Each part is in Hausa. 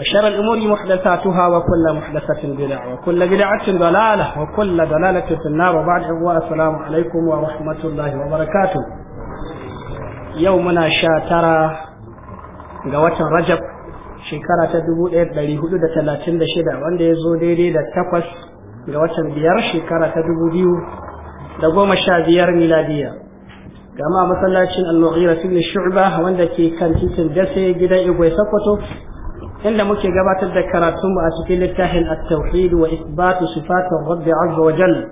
وشر الأمور محدثاتها وكل محدثة بدعة وكل بدعة ضلالة وكل ضلالة في النار وبعد السلام عليكم ورحمة الله وبركاته يومنا شاترا قوات رجب shekara ta dubu ɗaya ɗari hudu da talatin da shida wanda ya zo daidai da takwas ga watan biyar shekara ta dubu biyu da goma sha biyar miladiya gama masallacin al-mughira ibn shu'ba wanda ke kan titin dase gidan igwe sokoto inda muke gabatar da karatunmu mu a cikin littafin at-tauhid wa isbatu sifatin rabbi azza wa jalla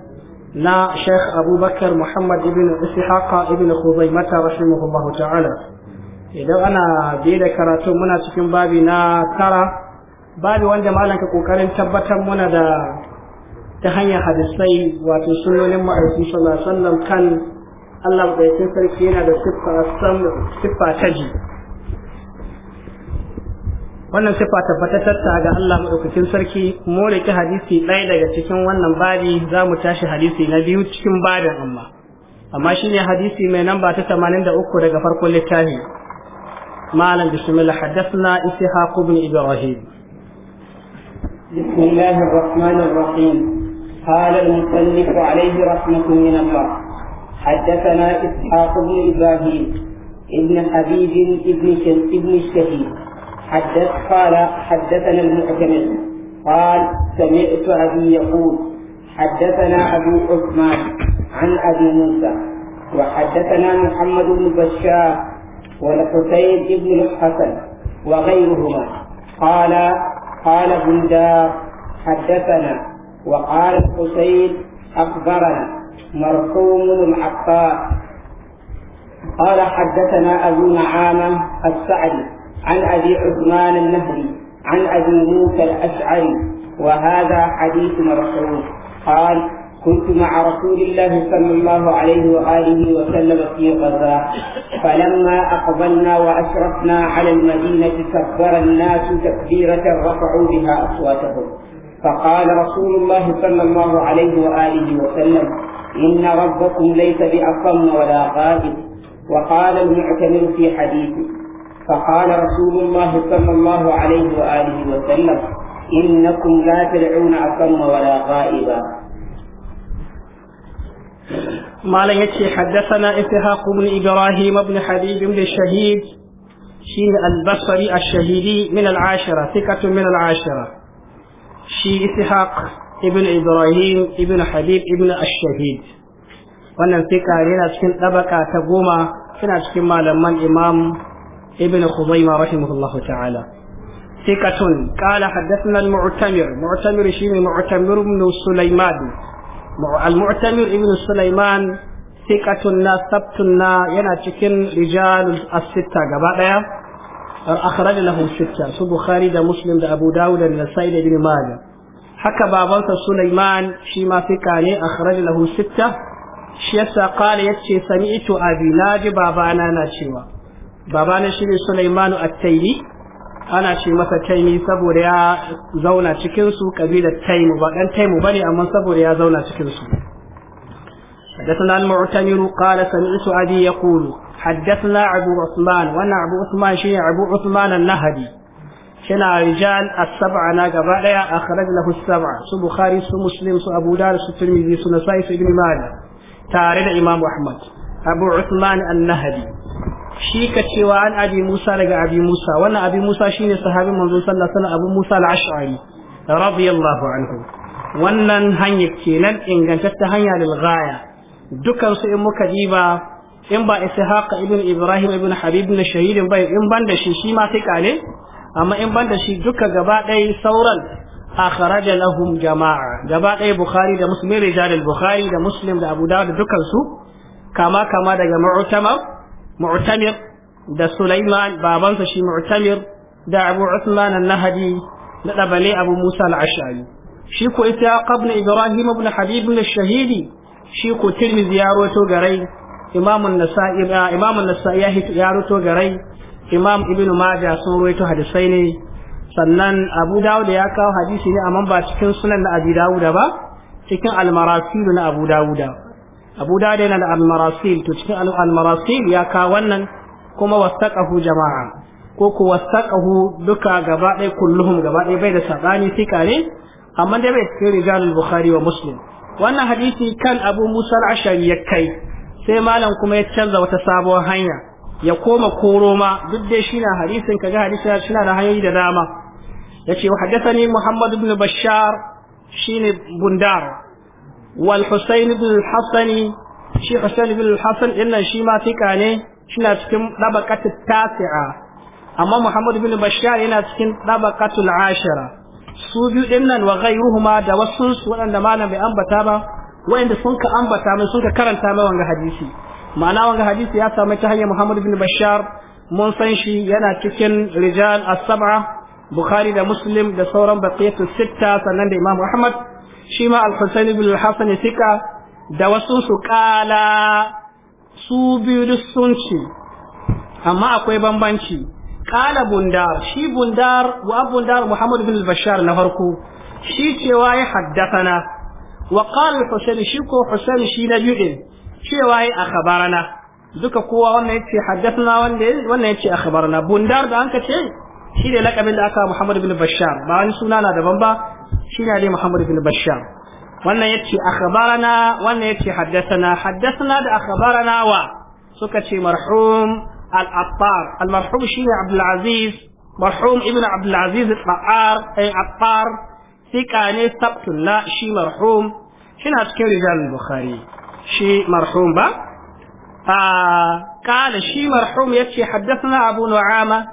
na Sheikh Abubakar Muhammad ibn Ishaqa ibn Khuzaimata rahimahullahu ta'ala idan ana biye da karatu muna cikin babi na tara babi wanda malam ka kokarin tabbatar muna da ta hanyar hadisai wato sunnonin ma'aiki sallallahu alaihi kan Allah bai sai sarki yana da siffa ta ji wannan sifa tabbatattar ga Allah madaukakin sarki mu rike hadisi ɗaya daga cikin wannan babi za mu tashi hadisi na biyu cikin babin amma amma shine hadisi mai namba ta tamanin da uku daga farkon littafi malam bismillah haddathna ishaq ibn ibrahim بسم الله الرحمن الرحيم قال المصنف عليه رحمة من الله حدثنا إسحاق بن إبراهيم ابن حبيب ابن, ابن الشهيد حدث قال حدثنا المعتمر قال سمعت أبي يقول حدثنا أبو عثمان عن أبي موسى وحدثنا محمد بن بشار والحسين بن الحسن وغيرهما قال قال بندار حدثنا وقال الحسين أخبرنا مرحوم العطار قال حدثنا أبو نعامة السعدي عن أبي عثمان النهري عن أبي موسى الأشعري وهذا حديث مرفوع قال كنت مع رسول الله صلى الله عليه وآله وسلم في غزه فلما أقبلنا وأشرفنا على المدينة كبر الناس تكبيرة رفعوا بها أصواتهم فقال رسول الله صلى الله عليه وآله وسلم إن ربكم ليس بأصم ولا غائب وقال المعتمر في حديثه فقال رسول الله صلى الله عليه وآله وسلم إنكم لا تدعون أصم ولا غائبا ما لا يتي حدثنا اتهاق بن إبراهيم بن حبيب بن الشهيد شين البصري الشهيدي من العاشرة ثقة من العاشرة شي اتهاق ابن إبراهيم ابن حبيب ابن الشهيد wannan fika لنا cikin ɗabaka ta goma من امام ابن خزيمة رحمه الله تعالى ثقة قال حدثنا المعتمر معتمر شيمي معتمر بن سليمان المعتمر ابن سليمان ثقة سبتنا ينا تكن رجال الستة قبائل أخرج له ستة سو بخاري دا مسلم دا أبو داود النسائي دا بن ماجه حكى بابانسا سليمان شيما ثقة أخرج له ستة شيسا قال يتشي سمعت أبي ناجي بابانا ناشيوا babana shine Sulaimanu At-Taymi ana ce masa Taymi saboda ya zauna cikin su kabilar Taymu ba dan Taymu bane amma saboda ya zauna cikin su حدثنا المعتمر قال سمعت أبي يقول حدثنا أبو عثمان وأنا أبو عثمان شيء أبو عثمان النهدي شنا رجال السبعة ناقبا أخرج له السبعة سو بخاري سو مسلم سو أبو دار سو ترمذي سو نسائي سو ابن ماجه تارد إمام أحمد أبو عثمان النهدي shi ka cewa an abi Musa daga abi Musa wannan abi Musa shine sahabin manzo sallallahu alaihi wasallam Abu Musa al-Ash'ari radiyallahu anhu wannan hanya kenan ingantatta hanya lil ghaya dukan su in muka diba in ba Ishaq ibn Ibrahim ibn Habib na shahidin bai in ban da shi shi ma sai kale amma in ban da shi duka gaba ɗaya sauran akhraj lahum jama'a gaba ɗaya Bukhari da Muslim rijal al-Bukhari da Muslim da Abu Dawud dukan su kama kama daga Mu'tamar mu'tamir da Sulaiman babansa shi mu'tamir da Abu Usman al-Nahdi da Dabale Abu Musa al-Ash'ari shi ko ita qabn Ibrahim ibn Habib ibn Shahidi shi ko Tirmidhi ya roto Imam an-Nasa'i ah, Imam ya ya roto garai Imam Ibn Majah sun roto ne sannan Abu Dawud ya kawo hadisi ne amma ba cikin sunan na Abi Dawud ba cikin al na Abu Dawud abu da yana da almarasil to cikin almarasil ya kawo wannan kuma wasaqahu jama'a ko ku wasaqahu duka gaba ɗaya kulluhum gaba ɗaya bai da sabani sika ne amma dai bai cikin rijalul bukhari wa muslim wannan hadisi kan abu musa al-ashari ya kai sai malam kuma ya canza wata sabuwar hanya ya koma koro ma duk dai shi na hadisin kaga hadisi ya na da hanyoyi da dama ya yace wa ni muhammad ibn bashar shine bundar wal Husayn ibn al shi Husayn ibn shi ma fika ne shina cikin tasi'a amma Muhammad ibn Bashar yana cikin dabaqatul ashira su biyu dinnan wa da wasu su waɗanda malam bai ambata ba waɗanda sun ka ambata mai sun ka karanta mai wanga hadisi ma'ana wanga hadisi ya samu ta hanyar Muhammad ibn Bashar mun san shi yana cikin rijal Asaba, Bukhari da Muslim da sauran baqiyatu sitta sannan da Imam Ahmad shi ma al-Husayn ibn al-Hasan thika da wasu su kala su biyu sun ce amma akwai bambanci kala bundar shi bundar wa bundar Muhammad ibn bashar na farko shi cewa ya haddasana? wa qala al-Husayn shi ko Husayn shi na biyu din cewa ya akhbarana duka kowa wannan yace haddasana wanda wannan yace akhbarana bundar da anka ce shi ne lakabin da aka Muhammad ibn Bashar ba wani suna na daban ba شنا دي محمد بن بشار وانا يتشي أخبارنا وانا يتشي حدثنا حدثنا دي أخبارنا و سكتشي مرحوم الأطار المرحوم شنا عبد العزيز مرحوم ابن عبد العزيز الأطار أي أطار في كاني سبت الله شي مرحوم شنا تكي رجال البخاري شي مرحوم با آه قال شي مرحوم يتشي حدثنا أبو نعامة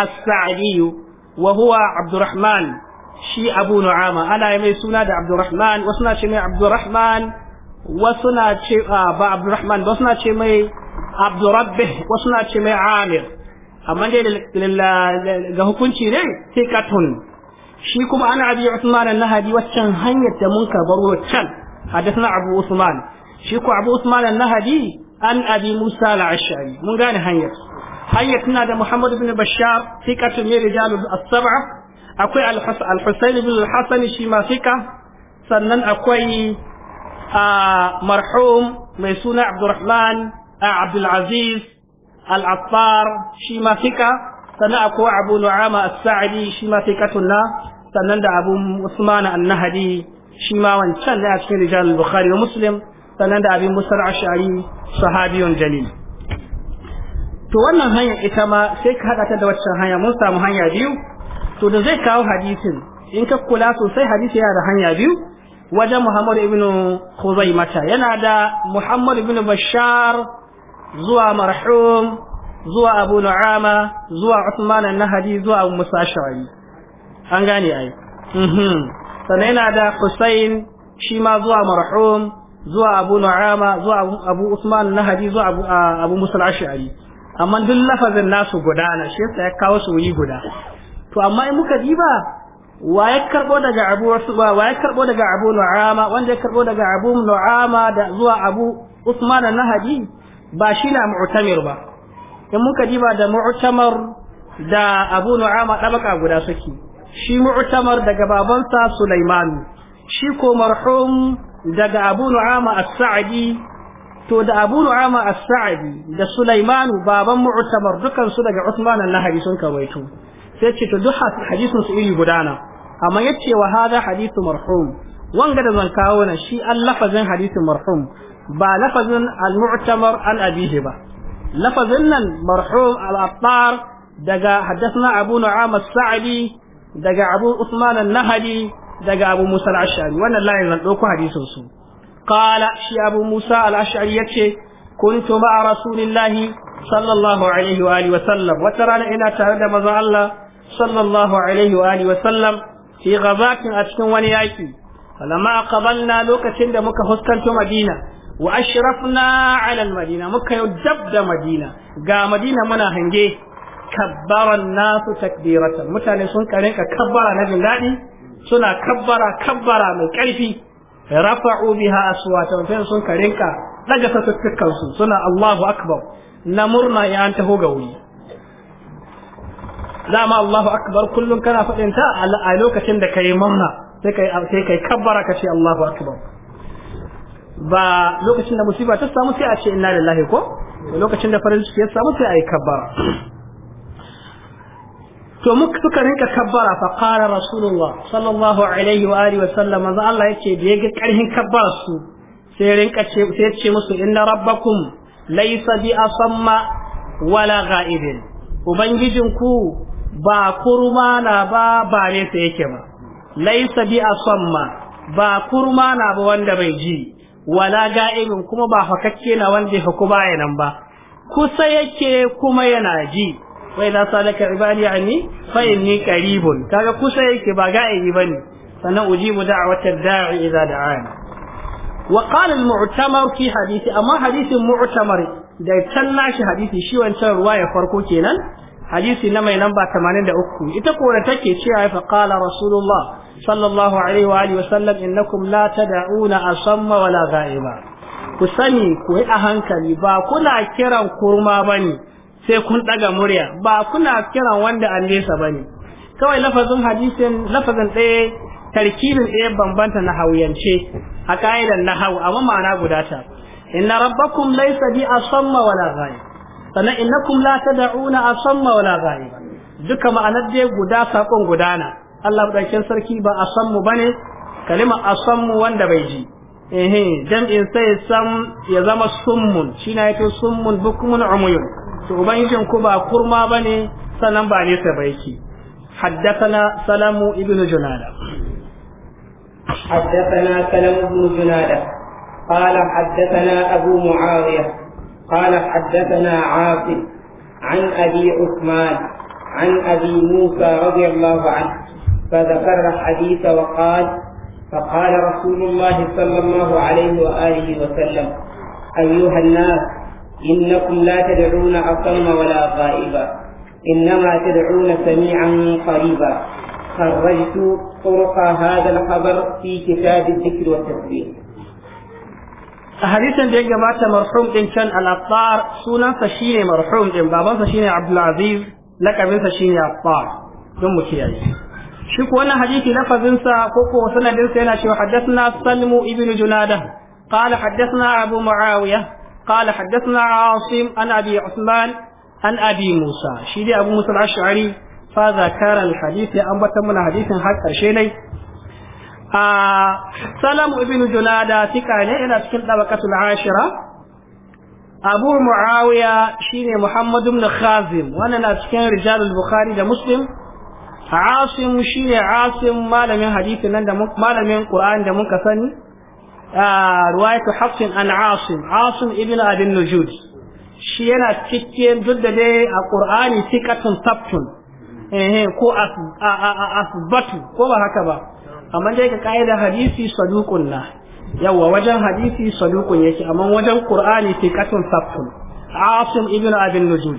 السعدي وهو عبد الرحمن shi abu nu'ama ana yi mai suna da abdurrahman wasu na ce mai abdurrahman wasu na ce ba abdurrahman wasu na ce mai abdurrabbe wasu na ce mai amir amma dai ga hukunci ne tikatun shi kuma ana abi usman an-nahabi waccan hanyar da mun ka baro can hadathna abu usman shi ko abu usman an-nahabi an abi musa al-ash'ari mun gane hanyar hanyar tana da muhammad ibn bashar tikatun min rijal as-sab'a akwai al-Husayn ibn al shi ma fika sannan akwai a marhum mai suna Abdurrahman Abdul Aziz al-Attar shi ma fika sannan akwai Abu Nu'ama as-Sa'di shi ma fikatun sannan da Abu Usman an-Nahdi shi ma wancan ne a cikin rijal bukhari wa muslim sannan da abin musar ashari sahabiyun jalil to wannan hanya ita ma sai ka haɗa ta da waccan hanya mun samu hanya biyu to da zai kawo hadisin in ka kula sosai hadisi yana da hanya biyu wajen Ibnu ibn mata. yana da Muhammadu ibn Bashar zuwa marhum zuwa Abu Nu'ama zuwa Usman an-Nahdi zuwa Abu Musa Shari. an gane ai mhm sannan yana da Hussain shi ma zuwa marhum zuwa Abu Nu'ama zuwa Abu Usman an-Nahdi zuwa Abu Abu Musa Shari. amma duk lafazin nasu guda na shi yasa ya kawo su wuri guda to amma in muka diba wa ya karbo daga abu wasu ba wa ya karbo daga abu nu'ama wanda ya karbo daga abu nu'ama da zuwa abu usman na nahadi ba shi na mu'tamir ba in muka diba da mu'tamar da abu nu'ama dabaka guda suke shi mu'tamar daga babansa sulaiman shi ko marhum daga abu nu'ama as-sa'di to da abu nu'ama as-sa'di da sulaiman baban mu'tamar dukan su daga usman na nahadi sun kawaito sai ce duha duk hadisin su iri gudana amma yace wa hada hadisu marhum wanga da zan kawo na shi an lafazin hadisin marhum ba lafazin al-mu'tamar an abihi ba lafazin nan marhum al-attar daga haddathna abu nu'am as-sa'di daga abu usman an-nahdi daga abu musa al-ash'ari wannan layin zan dauko hadisin su qala shi abu musa al-ash'ari yace kuntu ma'a rasulillahi sallallahu alaihi wa alihi wa sallam wata rana ina tare da manzon Allah sallallahu alaihi wa alihi wa fi ghazatin a cikin wani yaki falamma aqbalna lokacin da muka huskanto madina wa ashrafna ala madina muka yau dab da madina ga madina muna hange kabbara nasu takbirata mutane sun karinka kabbara na jin daɗi suna kabbara kabbara mai ƙarfi rafa'u biha aswatan fa sun karinka daga sassukkan su suna Allahu akbar na murna ya an taho ga wuri dama Allahu akbar kullum kana faɗin ta a lokacin da kai murna sai kai sai kai kabbara ka ce Allahu akbar ba lokacin da musiba ta samu sai a ce inna lillahi ko lokacin da farin ciki ya samu sai a yi kabbara to muka suka rinka kabbara fa qala rasulullah sallallahu alaihi wa alihi wa sallam manzo Allah yace da yaga karhin kabbara su sai rinka ce sai ce musu inna rabbakum laysa bi asamma wala ghaibin ubangijinku ba kurma na ba ba nesa yake ba laisa bi asamma ba kurma na ba wanda bai ji wala ga'imin kuma ba hakakke na wanda ya kuma nan ba kusa yake kuma yana ji wai na salaka ibadi ni fa inni qaribun kaga kusa yake ba ba bane sannan mu da'watar da'i idza da'ani wa qala al-mu'tamar fi hadisi amma hadisin mu'tamar da tallashi hadisi shi wancan ruwaya farko kenan hadisi na mai lamba uku, ita kore take cewa fa qala rasulullah sallallahu alaihi wa alihi wasallam innakum la tad'una asamma wala ghaiba ku sani ku yi a hankali ba kuna kiran kurma bane sai kun ɗaga murya ba kuna kiran wanda an nesa bane kawai lafazin hadisin lafazin ɗaya tarkibin ɗaya bambanta na hauyance a ƙa'idar na hau amma ma'ana guda ta inna rabbakum laysa bi asamma wala ghaib sannan innakum la tad'una asamma wala ghaiba duka ma'anar dai guda sakon gudana Allah madaukakin sarki ba asammu bane kalima asammu wanda bai ji eh in sai sam ya zama summun shine yake summun bukmun umuyun to ubangijin ku ba kurma bane sanan ba ne sa baiki حدثنا سلام ابن جنادة حدثنا سلام بن جنادة قال حدثنا أبو معاوية قال حدثنا عاصم عن أبي عثمان عن أبي موسى رضي الله عنه فذكر الحديث وقال فقال رسول الله صلى الله عليه وآله وسلم أيها الناس إنكم لا تدعون أصم ولا غائبا إنما تدعون سميعا قريبا خرجت طرق هذا الخبر في كتاب الذكر والتسبيح a hadisin da ya gabata marhum din can al-attar sunansa shine marhum din babansa shine abdul lakabinsa shine attar don mu kiyaye shi ko wannan hadisi lafazinsa ko ko sanadinsa yana cewa haddathna salmu ibnu junada قال حدثنا أبو معاوية قال musa shi عن أبي عثمان عن أبي موسى شيدي أبو موسى الأشعري an الحديث mana من حديث حتى شيني a salamu ibn junada fika ne yana cikin dabaqatul ashira abu muawiya shine muhammad ibn khazim wannan na cikin rijalul bukhari da muslim asim shine asim malamin hadisi nan da malamin qur'ani da muka sani ruwayatu hafs an asim asim ibn abin nujud shi yana cikin duk da dai a qur'ani sikatun sabtun eh a asbatu ko ba haka ba amma dai ka kaida hadisi saduqun na yawa wajen hadisi saduqun yake amma wajen qur'ani katun sabtun asim ibn abin nujud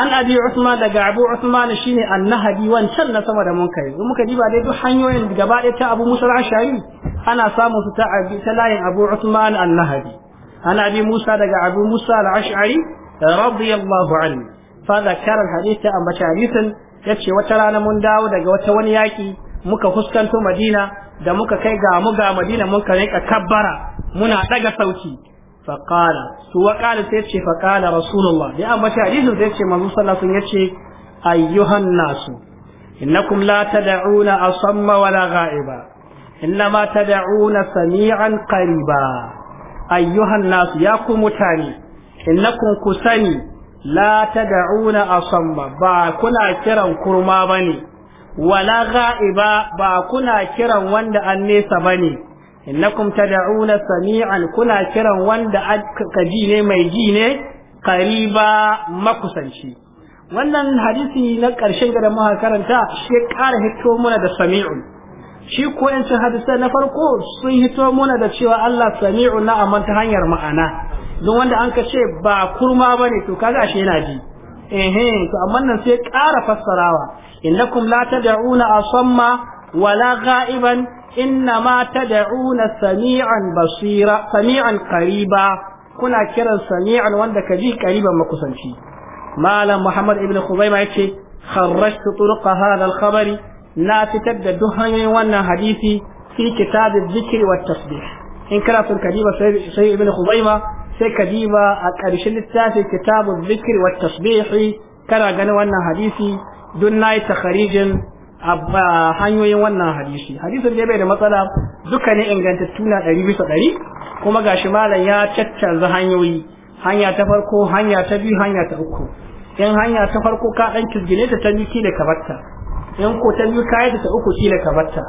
an abi usman daga abu usman shine annahabi wancan na sama da mun kai mun muka diba dai duk hanyoyin gaba ɗaya ta abu musa ashari ana samun su ta abi ta layin abu usman annahabi an abi musa daga abu musa al-ash'ari radiyallahu anhu fa zakara al-hadith an bata hadithin yace wata rana mun dawo daga wata wani yaki muka fuskanto madina da muka kai ga mu ga madina mun ka rika kabbara muna daga sauki faqala su wa qala sai ce faqala rasulullah ya amma ta hadisin sai ce manzo sallallahu alaihi wasallam yace ayyuhan nasu innakum la tad'una asamma wala ghaiba innama tad'una sami'an qariba ayyuhan nasu ya ku mutane innakum kusani la tad'una asamma ba kuna kiran kurma bane wala ga'iba ba kuna kiran wanda an nesa bane innakum da'una sami'an kuna kiran wanda kaji ne mai ji ne kariba makusanci wannan hadisi na ƙarshen da muka karanta shi ya ƙara hito muna da sami'un shi ko yancin hadisai na farko sun hito muna da cewa Allah sami'un na amma ta hanyar ma'ana don wanda an ka ce ba kurma bane to kaga ashe yana ji eh to amma nan sai ƙara fassarawa innakum la tad'una asamma wala ghaiban inna ma tad'una sami'an basira sami'an qariba kuna kiran sami'an wanda kaji qariban makusanci malam muhammad ibn khuzaimah yace kharrajtu turqa hadha al-khabari na fitar da duk hanyoyin wannan hadisi fi kitab adh-dhikri wa tasbih in son kadiba sai ibn khuzaimah sai kadiba a ƙarshen littafin kitab adh-dhikri wa tasbih kana ganin wannan hadisi don na yi takharijin hanyoyin wannan hadisi hadisin da bai da matsala duka ne ingantattu na ɗari bisa ɗari kuma ga shi malam ya caccanza hanyoyi hanya ta farko hanya ta biyu hanya ta uku in hanya ta farko ka ɗan kirgine ta ta biyu kila ka batta in ko ta biyu kayan ta uku kila ka batta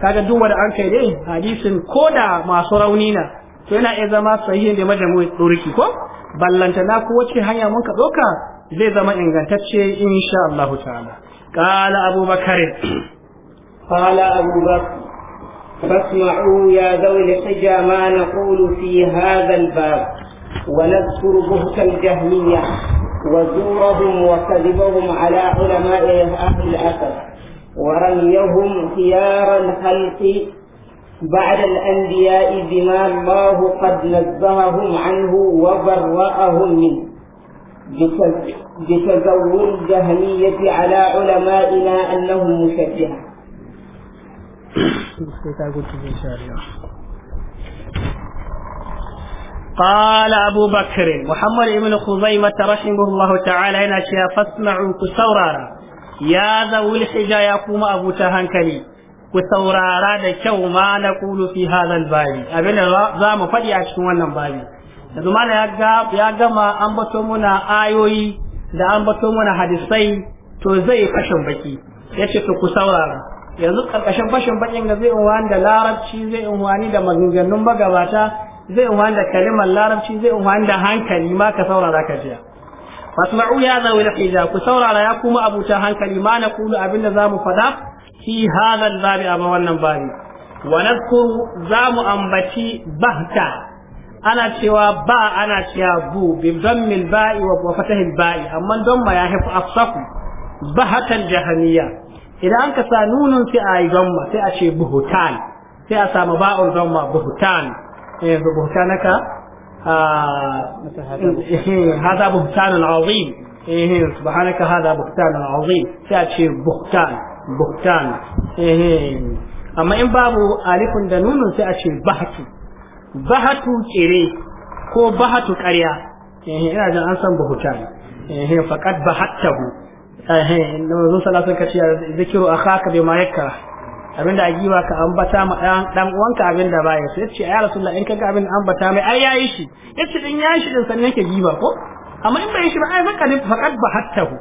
kaga duk wanda an kai dai hadisin ko da masu rauni na to yana iya zama sahihin da majamu ɗoriki ko ballantana ko wacce hanya mun ka ɗauka zai zama ingantacce insha Allah ta'ala qala Abu Bakar qala Abu Bakar فاسمعوا يا ذوي الحجة ما نقول في هذا الباب ونذكر بهت الجهمية وزورهم وكذبهم على علماء أهل الأثر ورميهم خيار الخلق بعد الأنبياء بما الله قد نزههم عنه وبرأهم منه بتزور الجهمية على علمائنا أنهم مشبهة قال أبو بكر محمد بن خزيمة رحمه الله تعالى هنا فاسمعوا كثورارا يا ذوي يا قوم أبو تهنكلي كثورارا دا ما نقول في هذا الباب أبنا ذا فدي أشكو النبابي yanzu mana ya gama an bato muna ayoyi da an bato muna hadisai to zai fashin baki yace ce ku saurara yanzu karkashin fashin bakin ga zai unwani da larabci zai unwani da maganganun magabata zai unwani da kalimar larabci zai unwani da hankali ma ka saurara ka jiya fasma'u ya zawi al-hija ku saurara ya kuma abuta hankali ma na kulu za zamu faɗa fi hadal babi a wannan babi wa nadhkuru zamu ambaci bahta ana cewa ba ana cewa bu bi dammil ba'i wa fatahil ba'i amma don ma ya hafi afsaku bahatan jahaniya idan an ka sa nunun sai a yi gamma sai a ce buhutan sai a samu ba'ul gamma buhutan eh buhutanaka hada buhutan eh, azim eh subhanaka hada buhutan azim sai a ce buhutan buhutan eh, eh amma in babu alifun da nunun sai a ce bahatu bahatu kere ko bahatu ƙarya ehe ina jin an san bahuta eh faqad bahattahu eh manzo sallallahu alaihi wasallam zikiru akhaka bima yakra abinda a giwa ka ambata ma dan dan uwanka abinda ba ya sai ce ayi rasulullah in kaga abin ambata mai ai yayi shi yace din yayi shi din sannan yake giwa ko amma in bai shi ba ai faqad faqad bahattahu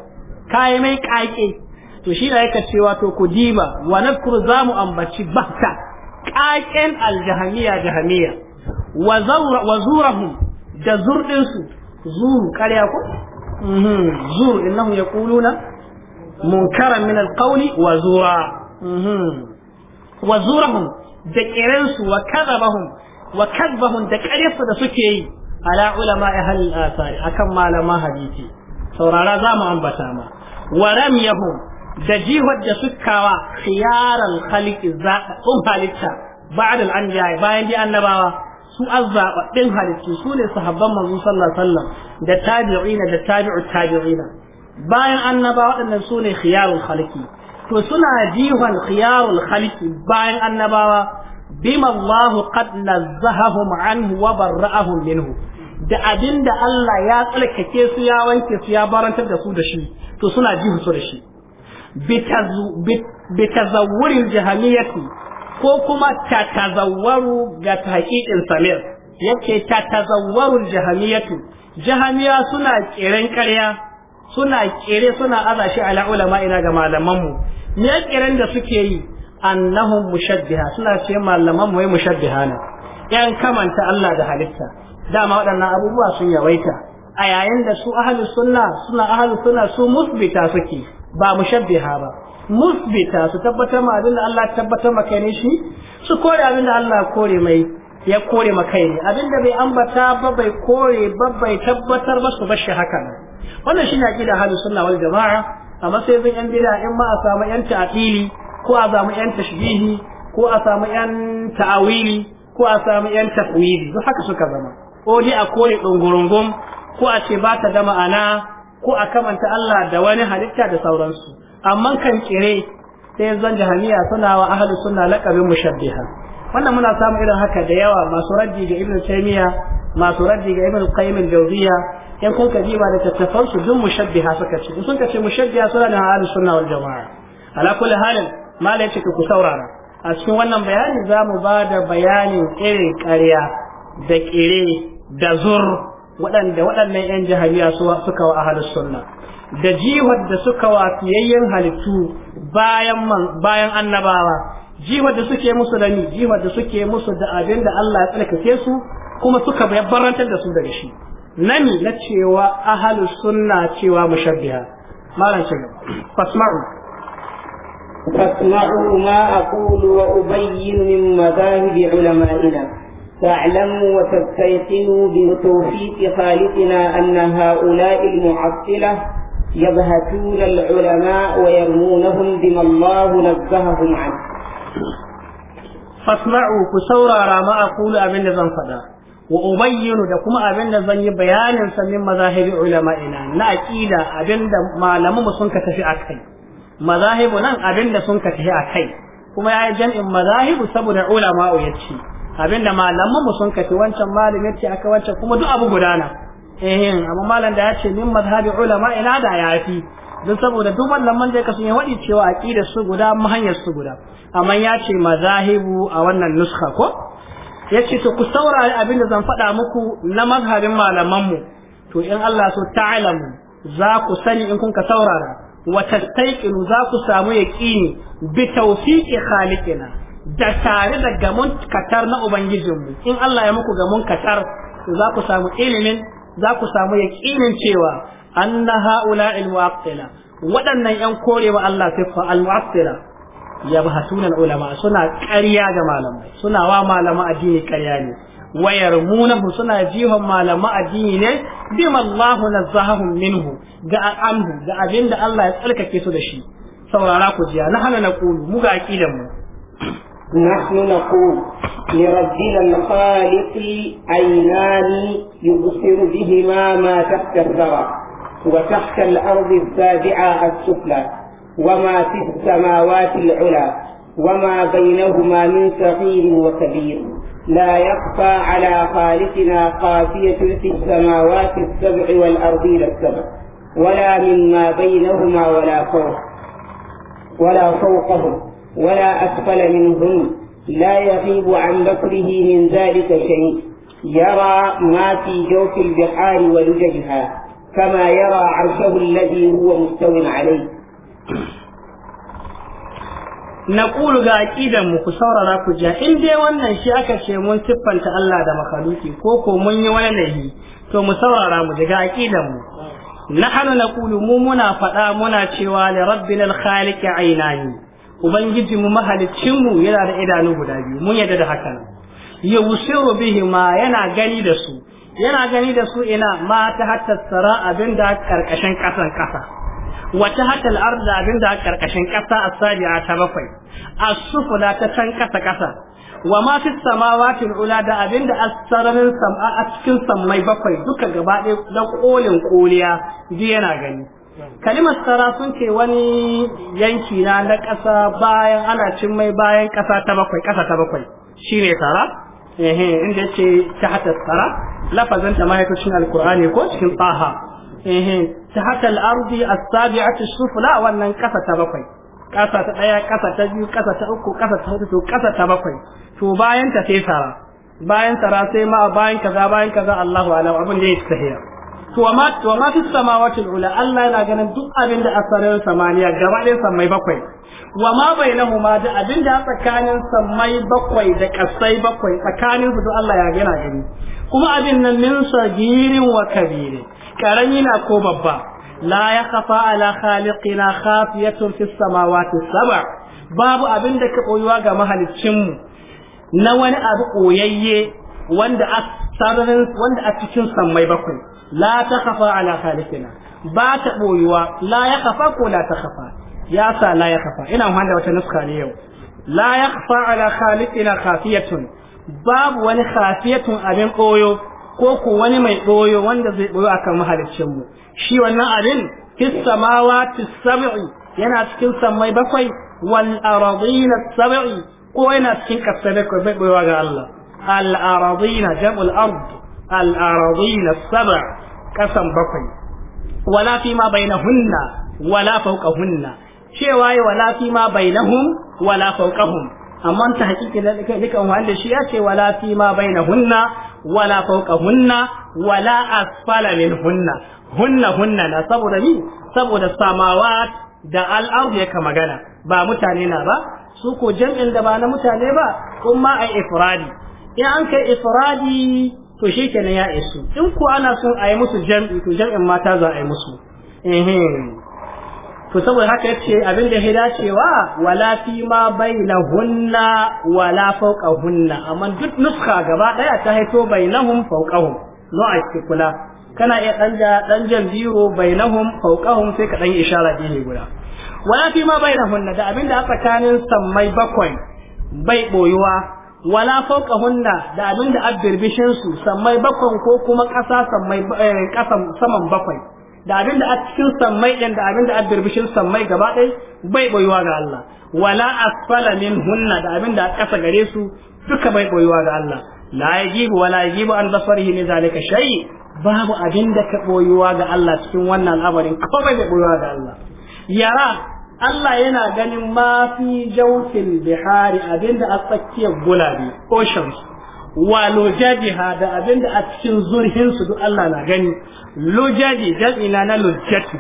kai mai kake to shi da yake cewa to ku diba wa nakru zamu ambaci bahta kaken aljahamiya jahamiya wa zurahum da zurdin su zuru ƙarya ko mhm. zuru innahum yaquluna munkara min alqawli wa zura mhm. wa zurahum da kiran su wa kadabahum wa kadbahum da ƙaryarsu da suke yi ala ulama ahli al-athari akan malama hadisi saurara za mu ambata ma wa yahum da jihar da sukawa khiyaran khaliqi zaɓaɓɓun halitta ba'ad al-anbiya bayan bi annabawa su azzababbin halittu su ne sahabban manzo sallallahu alaihi wasallam da tabi'ina da tabi'u tabi'ina bayan annaba waɗannan su ne khiyarul khalqi to suna jihon khiyarul khalqi bayan annabawa bima Allahu qad nazzahahum anhu wa barra'ahum minhu da abinda Allah ya tsarkake su ya wanke su ya barantar da su da shi to suna jihu su da shi bitazawwurin jahamiyyati ko kuma ta tazawwaru ga taƙiƙin samir yake ta tazawwaru jahamiyatu jahamiya suna kiran ƙarya suna ƙere suna aza shi ala ulama ina ga malamanmu me kiran da suke yi annahum mushaddiha suna ce mu wai mushaddiha na yan kamanta Allah da halitta dama waɗannan abubuwa sun yawaita a yayin da su ahlus sunna suna ahlus sunna su musbita suke ba mushabbiha ba musbita su tabbatar ma abinda Allah tabbatar ma kai ne shi su kore abinda Allah kore mai ya kore ma kai ne abinda bai ambata ba bai kore ba bai tabbatar ba su bashi haka wannan shine aqida halu sunna wal jamaa amma sai zan yan bid'a in ma a samu yan ta'ili ko a samu yan tashbihi ko a samu yan ta'awili ko a samu yan tafwidi duk haka suka zama ko dai a kore dungurungum ko a ce ba ta da ma'ana ko a kamanta Allah da wani halitta da sauransu amma kan kire sai zan jahamiya suna wa ahlus sunna laqabin mushabbiha wannan muna samu irin haka da yawa masu raddi ga ibnu taymiya masu raddi ga ibnu qayyim al-jawziyya in kun kajiba da tattafan su dun mushabbiha suka ce sun ce mushabbiha suna da ahlus sunna wal jamaa ala kulli halin ma ce ku saurara a cikin wannan bayani za mu ba da bayanin irin ƙarya da ƙire da zur waɗanda waɗannan 'yan jahiliya suka wa ahalus sunna da jihar da suka wasiyayyen halittu bayan bayan annabawa jihar da suke musu da ni jihar da suke musu da abin da Allah ya tsarkake su kuma suka barantar da su daga shi nani na cewa ahalus sunna cewa mushabbiha malam shi fasma'u فاسمعوا ما أقول وأبين من مذاهب علمائنا فاعلموا وتستيقنوا بتوفيق خالقنا أن هؤلاء المعطلة يبهتون العلماء ويرمونهم بما الله نزههم عنه فاسمعوا كسورا ما أقول أبن زن فدا وأبين لكم أبن زن بيانا من مذاهب علمائنا لا أكيد أبن ما لم مسنك تفي أكي مذاهب نان أبن سنك تفي أكي kuma ya yi jam'in mazahibu saboda ulama ya ce abinda malaman mu sun kafi wancan malam ya ce aka wancan kuma duk abu gudana eh amma malam da ya ce min mazhabi ulama ina da yafi don saboda duk wannan man ka kasun ya wadi cewa aqidar su guda mahanyar su guda amma ya ce mazahibu a wannan nuskha ko yace to ku saurari abin da zan faɗa muku na mazhabin malaman mu to in Allah so ta'lamu za ku sani in kun ka saurara wa tastaiqinu za ku samu yaqini bi tawfiqi khaliqina da tare da gamon katar na ubangijinmu in Allah ya muku gamon katar za ku samu ilimin za ku samu yaƙinin cewa anna haula almu'attila waɗannan yan korewa Allah sai fa almu'attila hasunan ulama suna ƙarya ga malamai suna wa malama addini ƙarya ne wayar munahu suna jihon malama addini ne bima na zahun minhu ga anhu ga abinda Allah ya tsarkake su da shi saurara ku jiya na hana na kulu mu ga mu نحن نقول لربنا الخالق عينان يبصر بهما ما تحت الثرى وتحت الأرض السابعة السفلى وما في السماوات العلى وما بينهما من صغير وكبير لا يخفى على خالقنا قافية في السماوات السبع والأرضين السبع ولا مما بينهما ولا فوق ولا فوقهم ولا أثقل منهن لا يغيب عن بكره من ذلك شيء يرى ما في جوف البحار ولججها كما يرى عرشه الذي هو مستو عليه نقول ga aqidan mu ku saurara ku ja in dai wannan shi aka ce mun siffanta Allah da makhluki ko ko mun yi wani nahi to mu saurara mu ga aqidan mu nahnu naqulu mu muna faɗa muna cewa li rabbil khaliqi ainani ubangiji mu mahalicin mu yana da idanu guda biyu mun yadda da haka. hakan yusiru bihima yana gani da su yana gani da su ina ma ta hatta tsara abin da karkashin kasan kasa wata hatta al'arda abin da karkashin kasa a ta bakwai asufula ta can kasa kasa wa ma fi samawati ula da abin da asararin sam'a a cikin sammai bakwai duka gaba ɗaya na ƙolin koliya duk yana gani kalimar sara sun ce wani yanki na na ƙasa bayan ana cin mai bayan ƙasa ta bakwai ƙasa ta bakwai shine sara ehe inda ce ta hata sara lafazin ta mahaifin alqur'ani ko cikin taha ehe ta hata al a as-sabi'atu a wannan ƙasa ta bakwai ƙasa ta ɗaya ƙasa ta biyu ƙasa ta uku ƙasa ta hudu ƙasa ta bakwai to bayan ta sai sara bayan sara sai ma bayan kaza bayan kaza Allahu a'lam abin da yake sahiya to amma fi samawati ula Allah yana ganin duk abin da asarin samaniya gaba ɗayan sammai bakwai wa ma bainahuma da abin da tsakanin sammai bakwai da kasai bakwai tsakanin su duk Allah ya yana gani kuma abin nan min sagirin wa kabiri karami na ko babba la ya khafa ala khaliqina khafiyatun fi samawati sab'a babu abin da ka koyuwa ga mahaliccinmu na wani abu koyayye wanda a wanda a cikin sammai bakwai la ta kafa ala khaliqina ba ta boyuwa la ya kafa ko la ta kafa ya sa la ya kafa ina amfani da wata nuska ne yau la ya kafa ala khaliqina khafiyatun babu wani khafiyatun abin ɓoyo ko ko wani mai ɓoyo wanda zai a akan mahaliccin mu shi wannan abin fis samawati yana cikin sammai bakwai wal aradina sab'i ko yana cikin kasa bakwai bai koyo ga Allah al aradina jam'ul ard al aradina sab'a kasan bakwai wala fi ma bainahunna wala fawqahunna cewa ya wala fi ma bainahum wala fawqahum amma ta hakiki da kai duka wanda shi ya ce wala fi ma bainahunna wala fawqahunna wala asfala minhunna hunna hunna na saboda ni saboda samawat da al'ard ya magana ba mutane na ba su ko jam'in da ba na mutane ba kuma ai ifradi in an kai ifradi to shi kenan ya isu in ku ana son a yi musu jam'i to jam'in mata za a yi musu to saboda haka ya ce abin da ya dacewa wala fi ma na hunna wala fauka hunna amma duk nuska gaba daya ta haito fauka hun no a cikin kula kana iya dan dan jan biro fauka hun sai ka dan ishara ishara ne guda wala fi ma na hunna da abin da aka tsakanin sammai bakwai bai ɓoyuwa. wala fauka hunna da abin da abirbishin su sammai bakwai ko kuma ƙasa sammai eh, ƙasa saman bakwai da abin da cikin sammai din da abin da abirbishin sammai gaba ɗai bai boyuwa ga Allah wala asfala min hunna da abin da ƙasa gare su duka bai boyuwa ga Allah la yajibu wala yajibu an basarihi min zalika shay babu abin da ka boyuwa ga Allah cikin wannan al'amarin ko bai boyuwa ga Allah yara Allah yana ganin ma fi jawfil bihari abinda a tsakiyar gulabe oceans Wa ha da abinda a cikin zurhin su duk Allah na gani lojadi jan na na lojati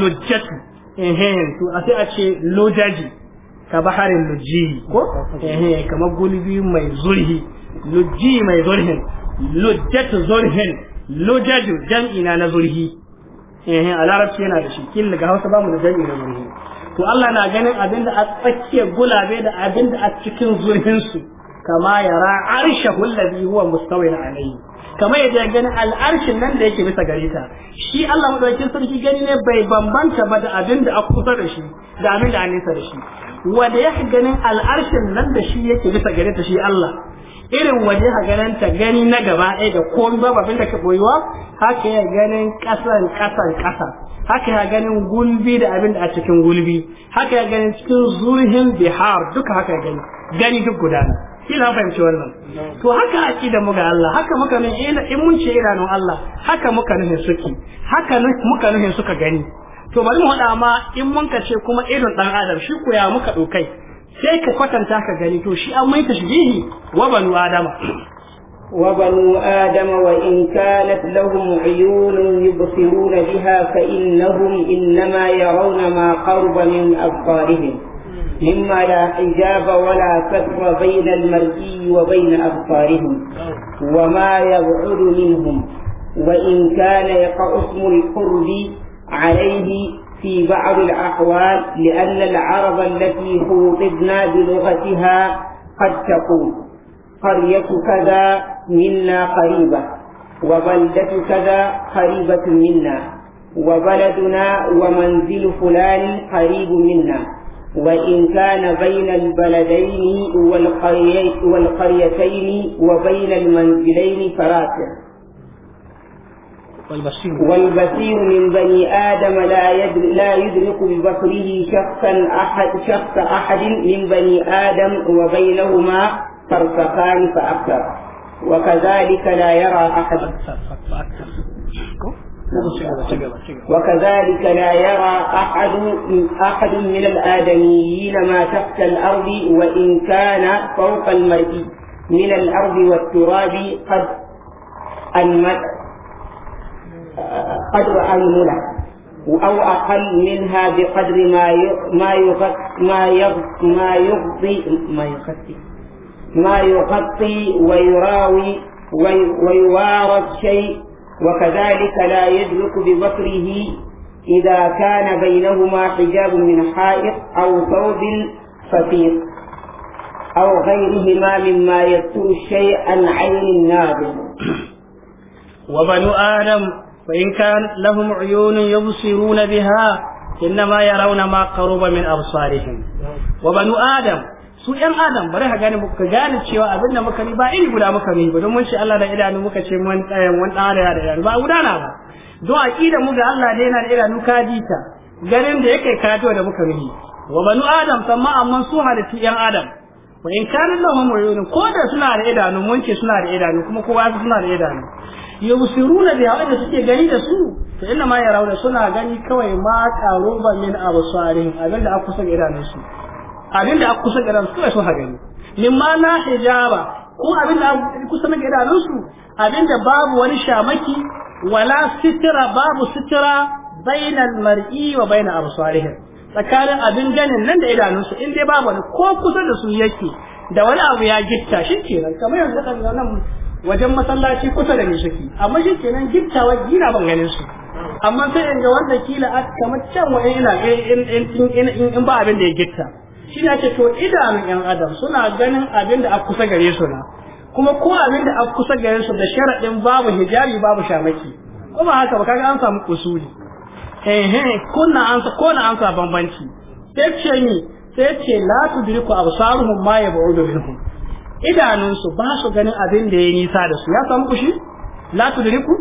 lojati ehen to a sai a ce lojadi ka baharin loji ko ehen kamar gulbi mai zurhi loji mai zurhin lojati zurhin lojadu jan na na zurhi ehen a larabci yana da shi kin daga hausa ba mu da jam'i na zurhi to Allah na ganin abin da a tsakiyar gulabe da abin da a cikin zurfinsu kama yara arsha hullabi huwa na alayhi kama yadda ya gani al'arshin nan da yake bisa gare ta shi Allah madaukakin sarki gani ne bai bambanta ba da abin da aka kusa da shi da abin da an da shi wanda ya ganin al'arshin nan da shi yake bisa gare ta shi Allah irin waje ha ganin ta gani na gaba ɗaya da komai ba abin da ka boyuwa haka ya ganin ƙasan ƙasan ƙasa haka ya ganin gulbi da abin da a cikin gulbi haka ya ganin cikin zurhin bihar duka haka ya gani gani duk gudana ina fahimci wannan to haka a ci da muga Allah haka muka in mun ce idanun Allah haka muka nuhin suke haka muka nuhin suka gani to bari mu haɗa ma in mun ka ce kuma irin ɗan adam shi ku ya muka ɗaukai sai ka kwatanta ka gani to shi an mai tashbihi wa banu adama wa banu adama wa in kanat lahum uyunun yubsiruna biha fa innahum innama yarawna ma qarba min absarihim مما لا حجاب ولا ستر بين المرئي وبين أبصارهم وما يبعد منهم وإن كان يقع اسم القرب عليه في بعض الأحوال لأن العرب التي خوطبنا بلغتها قد تقول قرية كذا منا قريبة وبلدة كذا قريبة منا وبلدنا ومنزل فلان قريب منا وإن كان بين البلدين والقريتين وبين المنزلين فراسخ والبصير والبصير من بني آدم لا يدرك لا يدرك ببصره شخصا أحد شخص أحد من بني آدم وبينهما فرسخان فأكثر وكذلك لا يرى أحد وكذلك لا يرى أحد أحد من الآدميين ما تحت الأرض وإن كان فوق المرئي من الأرض والتراب قد أنمت قدر عيننا أو أقل منها بقدر ما ما يغطي ما يغطي ما يغطي ما يغطي ما يغطي ويراوي ويوارى الشيء وكذلك لا يدرك ببصره إذا كان بينهما حجاب من حائط أو ثوب فسيق أو غيرهما مما يستر الشيء عن عين الناظر وبنو آدم فإن كان لهم عيون يبصرون بها إنما يرون ما قرب من أبصارهم وبنو آدم su ɗan adam bari ka gane ka gane cewa abin da muka yi ba iri guda muka yi ba don mun ce Allah da idanu muka ce mun tsayan eh, wani ɗan da idanu ba gudana ba don aƙida mu ga Allah da yana da idanu ka ji ta ganin da yake karatu da muka ni wa banu adam samma amma su halittu ɗan adam wa in kana lahum uyun ko da suna da idanu mun ce suna da idanu kuma kowa suna da idanu yusiruna biha da suke gani da su to inna ma yarawna suna gani kawai ma karo ba min absarin abinda aka kusa idanun su abinda aka kusa idanun su kawai su gani ma na hijaba ko abinda kusa na idanun su abinda babu wani shamaki wala sitira babu sitira bainal mar'i wa bain absarihim tsakanin abin ganin nan da idanun su in dai babu wani ko kusa da su yake da wani abu ya gitta shi kenan kamar yanzu kan nan wajen masallaci kusa da ni amma shi kenan gittawa gina ban ganin su amma sai in ga wanda kila a kamar can wa ina in ba abin da ya gitta shi ne ake to idanun yan adam suna ganin abin da a kusa gare su na kuma ko abin da a kusa gare su da sharaɗin babu hijabi babu shamaki kuma haka ba kaga an samu kusuri eh eh na an ko na an sa bambanci sai ce ni sai ce la tudriku absaruhum ma yab'udu minhum idanunsu ba su ganin abin da ya nisa da su ya samu kushi la tudriku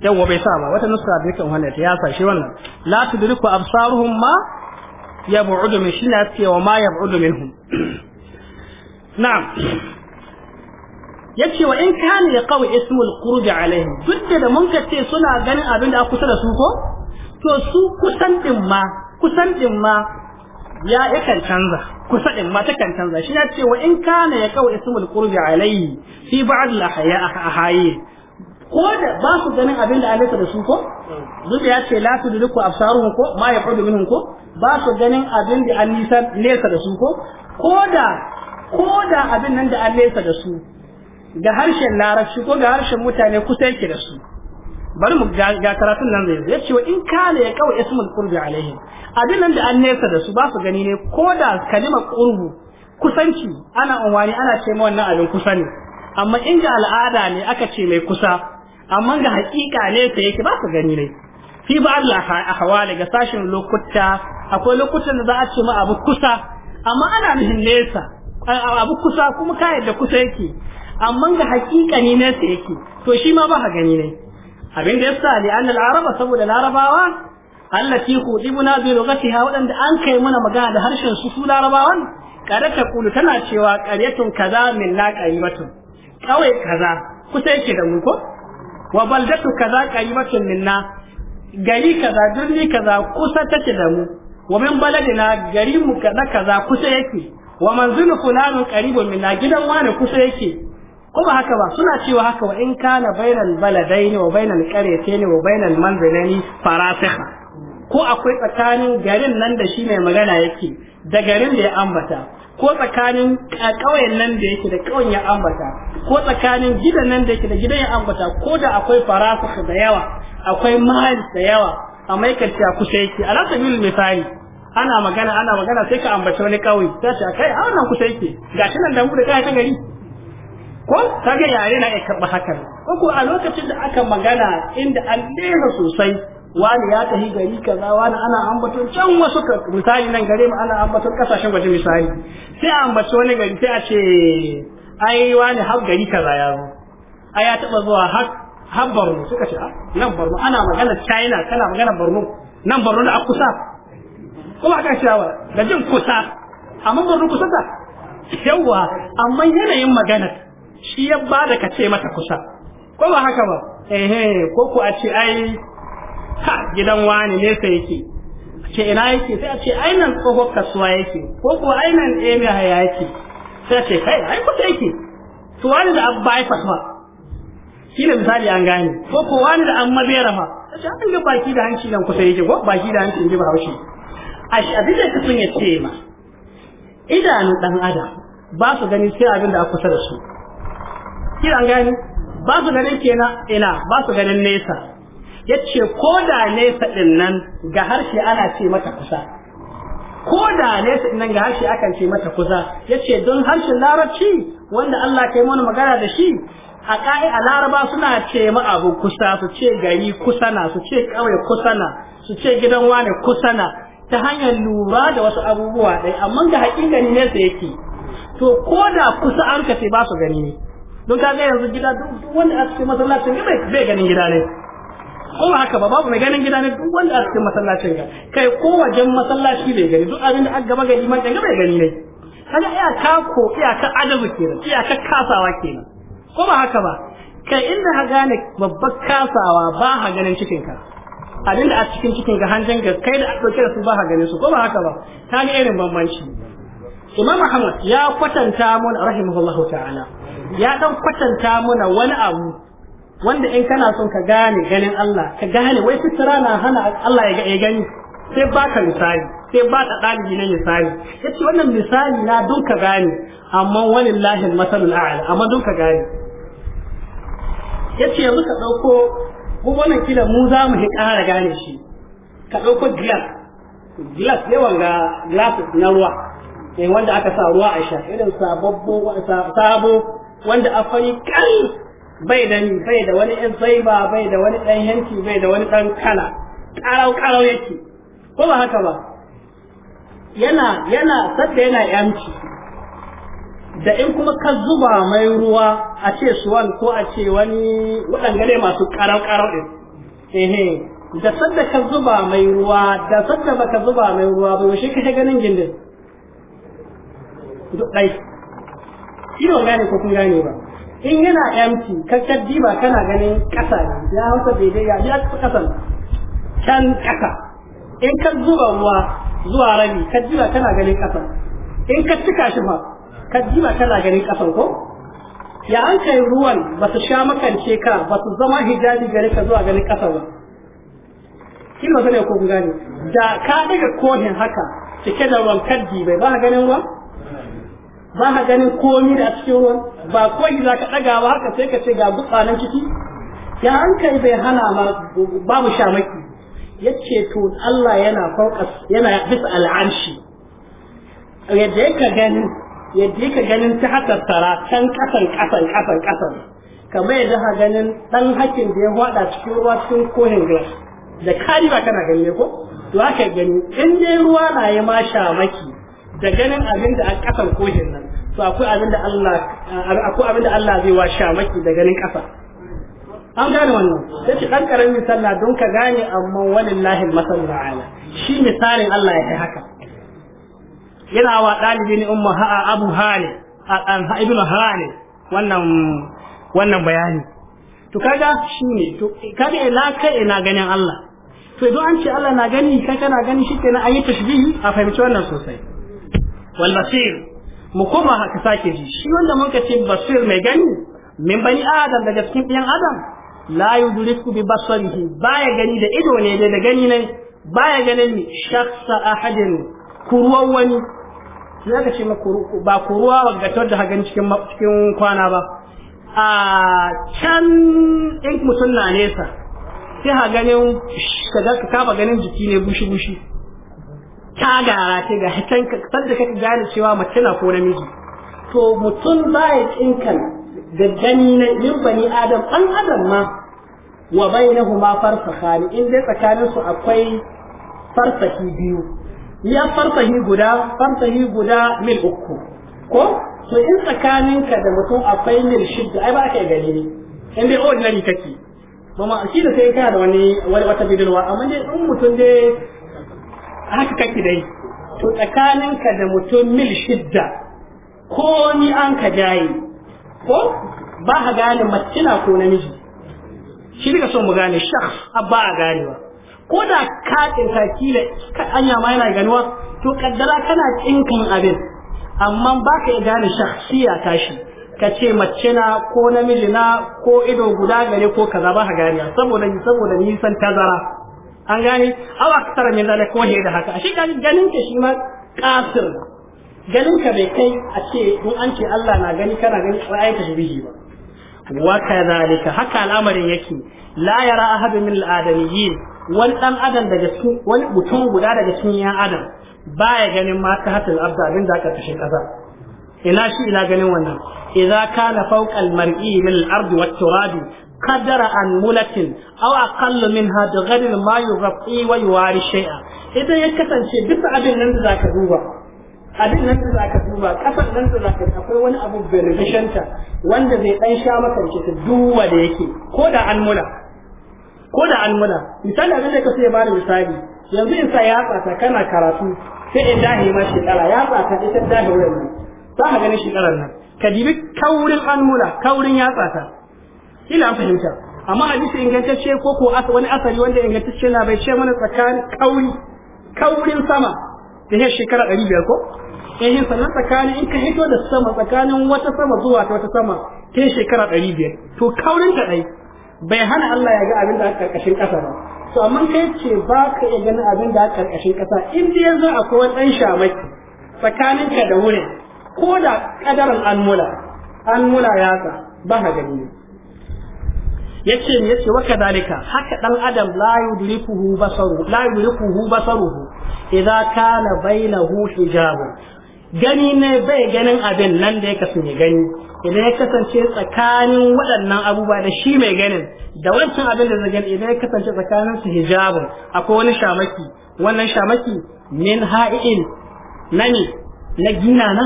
yawa bai sama wata nusa da kan wannan ya sa shi wannan la tudriku absaruhum ma yab'udu min shi na ce wa ma yab'udu minhum na'am yace wa in kana li kawai ismul qurbi alaihim duk da mun kace suna ganin abin da kusa da su ko to su kusan din ma kusan din ma ya ikan canza kusa din mata kan canza shi ya ce wa in kana ya kawai ismul qurbi alayhi fi ba'd al ahaya ko da ba su ganin abin da alaika da su ko duk ya ce la su duku absaruhum ko ma yaqudu minhum ko ba su ganin abin da an nisa nesa da su ko ko da ko da abin nan da an nesa da su ga harshen larabci ko ga harshen mutane kusa yake da su bari mu ga karatun nan zai zai ce in kana ya kawai ismul qurbi alaihim abin nan da an nesa da su ba su gani ne koda da kalimar qurbu kusanci ana unwani ana ce ma wannan abin kusa ne amma in ga al'ada ne aka ce mai kusa amma ga hakika ne ta yake ba su gani ne fi ba Allah ahwali ga sashin lokuta akwai lokutan da za a ce ma abu kusa amma ana nufin nesa abu kusa kuma ka da kusa yake amma ga hakika ne nesa yake to shi ma ba gani ne abin da ya yasa li anna al-araba saboda larabawa allati khudibuna bi lughatiha wadanda an kai mana magana da harshen su su larabawan kada ta kulu tana cewa qaryatun kaza min la qaymatun kawai kaza kusa yake da mu ko wa baldatu kaza qaymatun minna gari kaza birni kaza kusa take da mu wa min baladina gari mu kaza kaza kusa yake wa manzilu fulanu qaribun minna gidan wani kusa yake kuma haka ba suna cewa haka wa in kana bainal baladaini wa bainal qaryataini wa bainal manzilani farasikha ko akwai tsakanin garin nan da shi mai magana yake da garin da ya ambata ko tsakanin ƙauyen nan da yake da ƙauyen ya ambata ko tsakanin gidan nan da yake da gidan ya ambata ko da akwai farasikha da yawa akwai mahal da yawa a maikarci a kusa yake a rasa mil misali ana magana ana magana sai ka ambaci wani ƙauye sai a kai a wannan kusa yake shi nan da mu da kai ta gari ko kaga yare na ya karɓi hakan ko a lokacin da aka magana inda an dena sosai wani ya tafi gari kaza wani ana ambaton can wasu misali nan gare mu ana ambaton kasashen waje misali sai a ambaci wani gari sai a ce ai wani har gari kaza ya zo ai ya taɓa zuwa har har Borno suka ce ah, nan Borno ana magana China kana magana Borno nan Borno da kusa kuma aka shawa da jin kusa amma Borno kusa ta yawa amma yanayin magana shi ya ba da ka ce mata kusa ko ba haka ba ehe ko ku a ce ai ha gidan wani ne sai yake a ce ina yake sai a ce ai nan tsohon kasuwa yake ko ku ai nan emi haya yake sai a ce kai ai kusa yake to wani da abba ya fasuwa shi ne misali an gane ko ko wani da an mabera fa a ce an ga baki da hanci nan kusa yake ko baki da hanci in ba haushi a shi abin da sun ya ce ma idanu dan adam ba su gani sai abin da a kusa da su kila gani ba su ganin kenan ina ba su ganin nesa yace ko da nesa din nan ga harshe ana ce mata kusa ko da nesa din nan ga harshe akan ce mata kusa yace don harshen larabci wanda Allah kai mana magana da shi a ka'i a laraba suna ce ma abu kusa su ce gari kusana su ce kauye kusana su ce gidan wane kusana ta hanyar lura da wasu abubuwa ɗaya amma ga ne nesa yake to ko da kusa an ka ce ba su gani don ka ga yanzu gida duk wanda a cikin masallacin ga bai ganin gida ne ko ba haka ba babu mai ganin gida ne duk wanda a cikin masallacin ga kai ko wajen masallaci bai gani duk abin da aka gaba ga liman ga bai gani ne kaga ka ko ka adabu kenan ka kasawa kenan ko ba haka ba kai inda ha gane babbar kasawa ba ha ganin cikin ka abin da a cikin cikin ga hanjan ga kai da ɗauke da su ba ha ganin su ko ba haka ba ta ga irin bambanci imam Muhammad ya kwatanta mun rahimahullahu ta'ala ya dan kwatanta muna wani abu wanda in kana son ka gane ganin Allah ka gane wai fitira na hana Allah ya gani sai ba ka misali sai ba ta ɗalibi na misali ya wannan misali na don ka gane amma wani lahin masalul a'la amma don ka gane ya ce yanzu ka ɗauko mu wannan kila mu za mu hi gane shi ka ɗauko glass glass yawan ga glass na ruwa eh wanda aka sa ruwa a sha irin sababbo sabo wanda a fari kan bai da bai da wani ɗan ba bai da wani ɗan yanki bai da wani ɗan kala ƙarau ƙarau yake ko ba haka ba yana yana sadda yana yanci da in kuma ka zuba mai ruwa a ce suwan ko a ce wani waɗangare masu ƙarau ƙarau ɗin ehe da sadda ka zuba mai ruwa da sadda baka zuba mai ruwa ba yaushe kake ganin gindin duk ɗai ino gane ko kun gane ba in yana empty kakkar diba kana ganin ƙasa ne ya hausa daidai ya ya ƙasan can ƙasa in ka zuba ruwa zuwa rabi ka diba kana ganin ƙasa in ka cika shi ba ka diba kana ganin ƙasan ko ya an kai ruwan ba su sha makance ka ba su zama hijabi gare ka zuwa ganin ƙasa ba kina zane ko kun gane da ka daga kohin haka cike da ruwan kaddi bai ba ganin ruwa ba ka ganin komi da a cikin ruwan ba kawai za ka ɗaga ba haka sai ka ce ga gutsa nan ciki ya an kai bai hana ma babu shamaki ya ce to Allah yana fauƙas yana bisa al'arshi yadda ka gani yadda ka ganin ta haka tsara can kasan kasan kasan kasan kamar yadda ha ganin dan hakin da ya wada cikin ruwa cikin kohin glass da kari ba kana gani ko to haka gani in dai ruwa na ya ma shamaki da ganin abin da a kasan kohin nan to akwai abin da Allah akwai abin da Allah zai wa maki da ganin kasa an gane wannan sai ki dan karamin sallah don ka gane amma lahin masallu ala shi misalin Allah ya kai haka yana wa dalibi ne umma ha abu hali an ha ibnu hali wannan wannan bayani to kaga ne. to kaga ina kai ina ganin Allah to idan an ce Allah na gani kai kana gani an yi tashbihi a fahimci wannan sosai wal basir mu koma haka sake ji shi wanda mun ce basir mai gani min bani adam daga cikin ɗan adam la yudriku bi basarihi baya gani da ido ne da gani ne baya ganin shakhsa ahadin kuruwan wani sai ka ce ba kuruwa waggatar da hagan cikin cikin kwana ba a can in mutum na nesa sai ha ganin ka ganin jiki ne bushi bushi ta gara ta ga hitan sanda kake gane cewa mace na ko namiji to mutum baya tsinkan da gani na min bani adam an adam ma wa bainahuma farsakhani in dai tsakanin su akwai farsahi biyu ya farsahi guda farsahi guda mil uku ko to in tsakaninka da mutum akwai mil shidda ai ba ka gani ne in dai ordinary kake ba ma shi da sai kana da wani wata bidirwa amma dai in mutum dai haka kake dai to tsakaninka da mutum mil shidda ko ni an ka jaye ko ba ka gane macina ko namiji shi daga son so mu gane shakhs abba a ganewa ko da ka tsinka kila anya ma yana ganuwa to kaddara kana tsinkan abin amma ba ka gane shakhsiya tashi ka ce mace na ko namiji na ko ido guda gare ko kaza ba ka gane saboda saboda nisan tazara an gane aw aksara min zalika ko da haka ashe ganin ka shi ma kasir ganin ka bai kai a ce in an ce Allah na gani kana gani wai ayyuka bihi ba wa kadhalika haka al'amarin yake la yara ahadun min al'adamiyyin wani dan adam daga cikin wani mutum guda daga cikin yan adam baya ganin ma ta hatin abda abin da aka kashe kaza. ina shi ila ganin wannan idza kana fawqa al-mar'i min al-ardi wat-turabi qadara an mulatin aw aqallu minha bi ghadin ma yughfi wa yuwari shay'a idan ya kasance bisa abin nan da zaka duba abin nan da zaka duba kasar nan da zaka akwai wani abu berishanta wanda zai dan sha maka ce duwa da yake ko da an mula ko da an mula misali abin da kace ba misali yanzu in sa yatsa kana karatu sai in dahi ma shi tsara yatsa ta ita dahi wurin za ka gani shi tsaran nan ka dibi kaurin an mula yatsa ta Ina an fahimta amma hadisi ingantacce ko ko wani asali wanda ingantacce na bai ce mana tsakanin kauri kaurin sama da ya shekara ɗari biyar ko yayin eh, sannan tsakanin in ka hito da sama tsakanin wata sama zuwa ta wata sama ta shekara ɗari biyar to kaurin ta ɗai bai hana Allah ya ga abin da aka ƙasa ba to amma kai ce ba ka iya ganin abin da aka ƙasa in dai yanzu akwai wani ɗan shamaki tsakanin ka da wurin ko da ƙadarin almula almula ya ka ba ka gani yace me yace waka dalika haka dan adam la yudrikuhu basaru la yudrikuhu basaruhu idza kana bainahu hijab gani ne bai ganin abin nan da ya kasance gani idan ya kasance tsakanin waɗannan abubuwa da shi mai ganin da wancan abin da gani idan ya kasance tsakanin su hijab akwai wani shamaki wannan shamaki min ha'in nani na gina na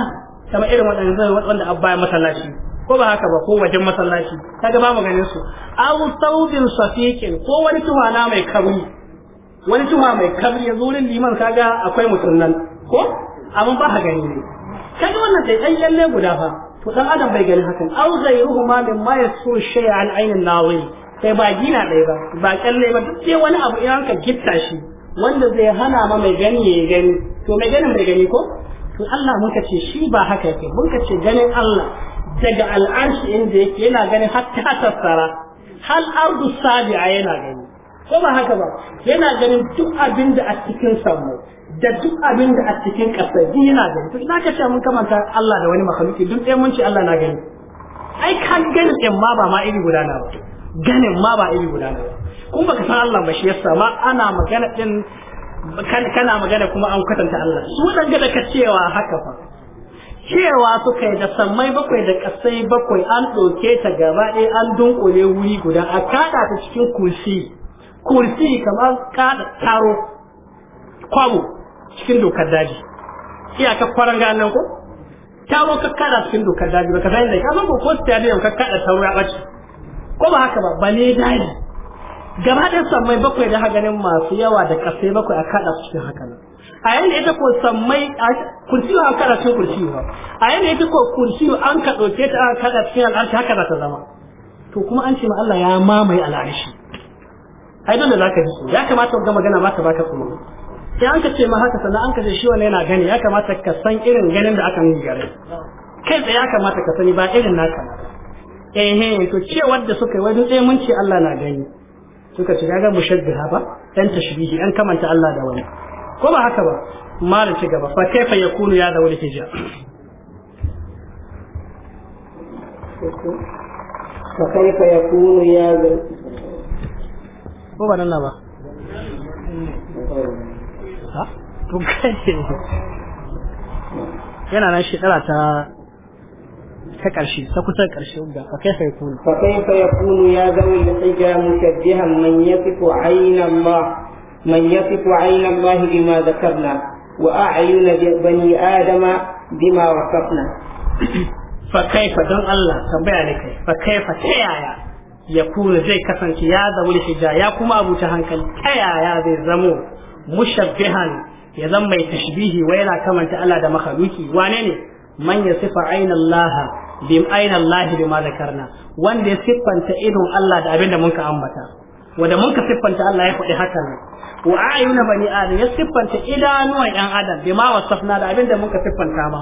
kama irin waɗannan wanda abba ya masallaci ko ba haka ba ko wajen masallaci kaga ba ganin su abu saudin safiqin ko wani tuhana mai kabri wani tuha mai kabri yanzu wurin liman kaga akwai mutum nan ko amma ba haka gani ne kaga wannan dai ai lalle guda fa to dan adam bai gani hakan aw min ma yasur shay'a an aynin nawi sai ba gina dai ba ba kalle ba duk sai wani abu in ka gitta shi wanda zai hana ma mai gani ya gani to mai gani mai gani ko to Allah muka ce shi ba haka yake muka ce ganin Allah daga al'arshi inda yake yana ganin hatta tattara hal ardu sabi'a yana gani ko ba haka ba yana ganin duk abin da a cikin samu da duk abin da a cikin kasa duk yana gani to idan ka ce mun kamanta Allah da wani makhluki duk ɗaya mun ce Allah na gani ai kan ganin ɗin ma ba ma iri gudana ba ganin ma ba iri gudana ba kuma baka san Allah ba shi yasa ma ana magana ɗin kana magana kuma an kwatanta Allah su wadanda da ka cewa haka fa cewa suka yi da sammai bakwai da kasai bakwai an ɗauke ta gaba ɗaya an dunkule wuri guda a kada ta cikin kursi kursi kamar kada taro kwabo cikin dokar daji iyaka kwaran ganin ku taro ka kada cikin dokar daji ba ka san da ka san ko ko stadium ka kada taro ya ɓace ko ba haka ba ne daji gaba ɗin sammai bakwai da haganin masu yawa da ƙasai bakwai a kaɗa su cikin haka a yayin da ita ko sammai kursiyo an kaɗa cikin kursiyo a yayin da ita ko kursiyo an ka ɗauke ta an kaɗa cikin al'arshi haka za ta zama to kuma an ce ma Allah ya mamaye al'arshi ai dole za ka ji su ya kamata ga magana ma ta baka kuma. sai an ka ce ma haka sannan an ka ce shi wanne yana gani ya kamata ka san irin ganin da aka nuna gare kai tsaye ya kamata ka sani ba irin naka ehe to cewar da suka yi wai duk mun ce Allah na gani suka ce kaga mushaddaha ba dan tashbihi an kamanta Allah da wani ko ba haka ba malam ci gaba fa kaifa yakunu ya da wani fa kaifa yakunu ya da ko ba nan ba ha to kai yana nan ta ta ƙarshe, ta kusa ƙarshe. ga fa kaifa yakunu fa kaifa yakunu ya zawi al-hijja mushaddihan man yasifu ayna Allah man yasifu ayna Allah bima dhakarna wa a'yuna bani adama bima wasafna fa kaifa don Allah tambaya ne kai fa kaifa ta yaya ya yakunu zai kasance ya zama al-hijja ya kuma abu ta hankali ta yaya zai zamo mushabbihan ya zama mai tashbihi wa yana kamanta Allah da makhluki wane ne man ya sifa aina Allah bi aina Allah bi ma zakarna wanda ya siffanta idon Allah da abin da mun ka ambata wanda mun ka siffanta Allah ya faɗi hakan wa aina bani adam ya siffanta idanuwan yan adam bi ma wasafna da abin mun ka siffanta ma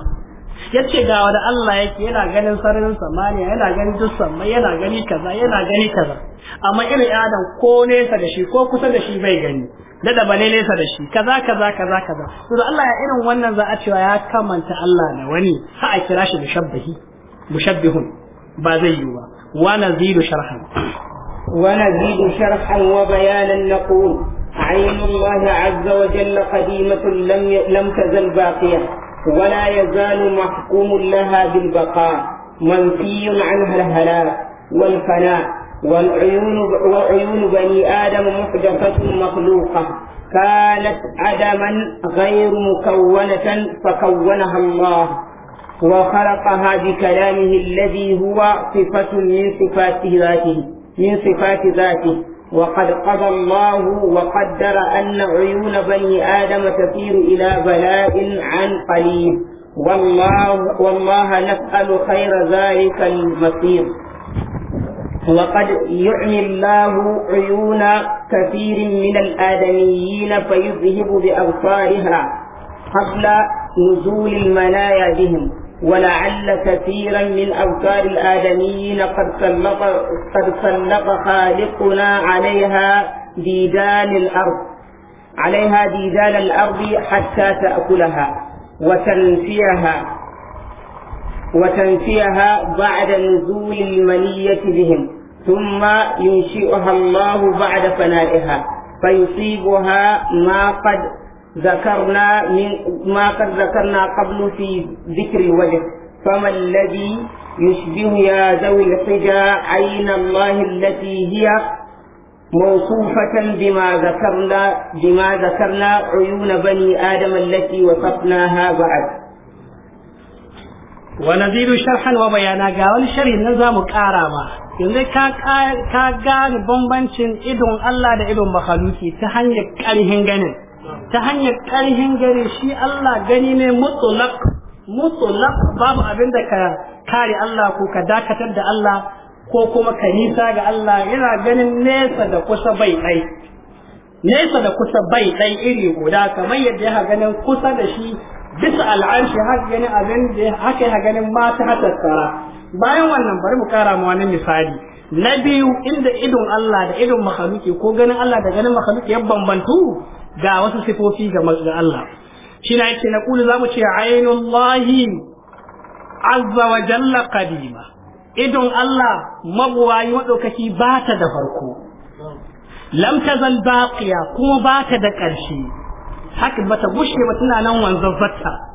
yace ga wanda Allah yake yana ganin sararin samaniya yana ganin duk mai yana gani kaza yana gani kaza amma irin adam ko nesa da shi ko kusa da shi bai gani da da balele sa da shi kaza kaza kaza kaza to Allah ya irin wannan za a cewa ya kamanta Allah da wani ha a kira shi mushabbihi mushabbihun ba zai yi ba wa nazidu sharhan wa nazidu sharhan wa bayanan naqul عين الله عز وجل قديمة لم لم تزل باقية ولا يزال محكوم لها بالبقاء منفي عنها الهلاك والفناء والعيون وعيون بني آدم محدثة مخلوقة كانت عدما غير مكونة فكونها الله وخلقها بكلامه الذي هو صفة من صفات ذاته من صفات ذاته وقد قضى الله وقدر أن عيون بني آدم تسير إلى بلاء عن قليل والله والله نسأل خير ذلك المصير وقد يعمي الله عيون كثير من الآدميين فيذهب بأبصارها قبل نزول المنايا بهم ولعل كثيرا من أبصار الآدميين قد سلط قد سلط خالقنا عليها ديدان الأرض عليها ديدان الأرض حتى تأكلها وتنفيها وتنفيها بعد نزول المنية بهم ثم ينشئها الله بعد فنائها فيصيبها ما قد ذكرنا من ما قد ذكرنا قبل في ذكر الوجه فما الذي يشبه يا ذوي الحجى عين الله التي هي موصوفة بما ذكرنا بما ذكرنا عيون بني آدم التي وصفناها بعد ونزيد شرحا وبيانا قال شرح نزام كارما yanzu ka gane bambancin idon Allah da idon makhaluki ta hanyar ƙarhin ganin ta hanyar ƙarhin gani shi Allah gani ne mutsulak babu abin da ka kare Allah ko ka dakatar da Allah ko kuma ka nisa ga Allah yana ganin nesa da kusa bai ɗai nesa da kusa bai ɗai iri guda kamar yadda ya ganin kusa da shi bisa al'arshi haka ganin abin da haka ya ganin mata hatattara bayan wannan bari mu kara mu wani misali na biyu inda idon Allah da idon makhluki ko ganin Allah da ganin makhluki ya bambantu ga wasu sifofi ga Allah shi na yake na kulu zamu ce ainullahi azza wa jalla qadima idon Allah magwayi madaukaki ba ta da farko lam tazal baqiya kuma ba ta da ƙarshe haka bata bushe ba tana nan wanzan fatta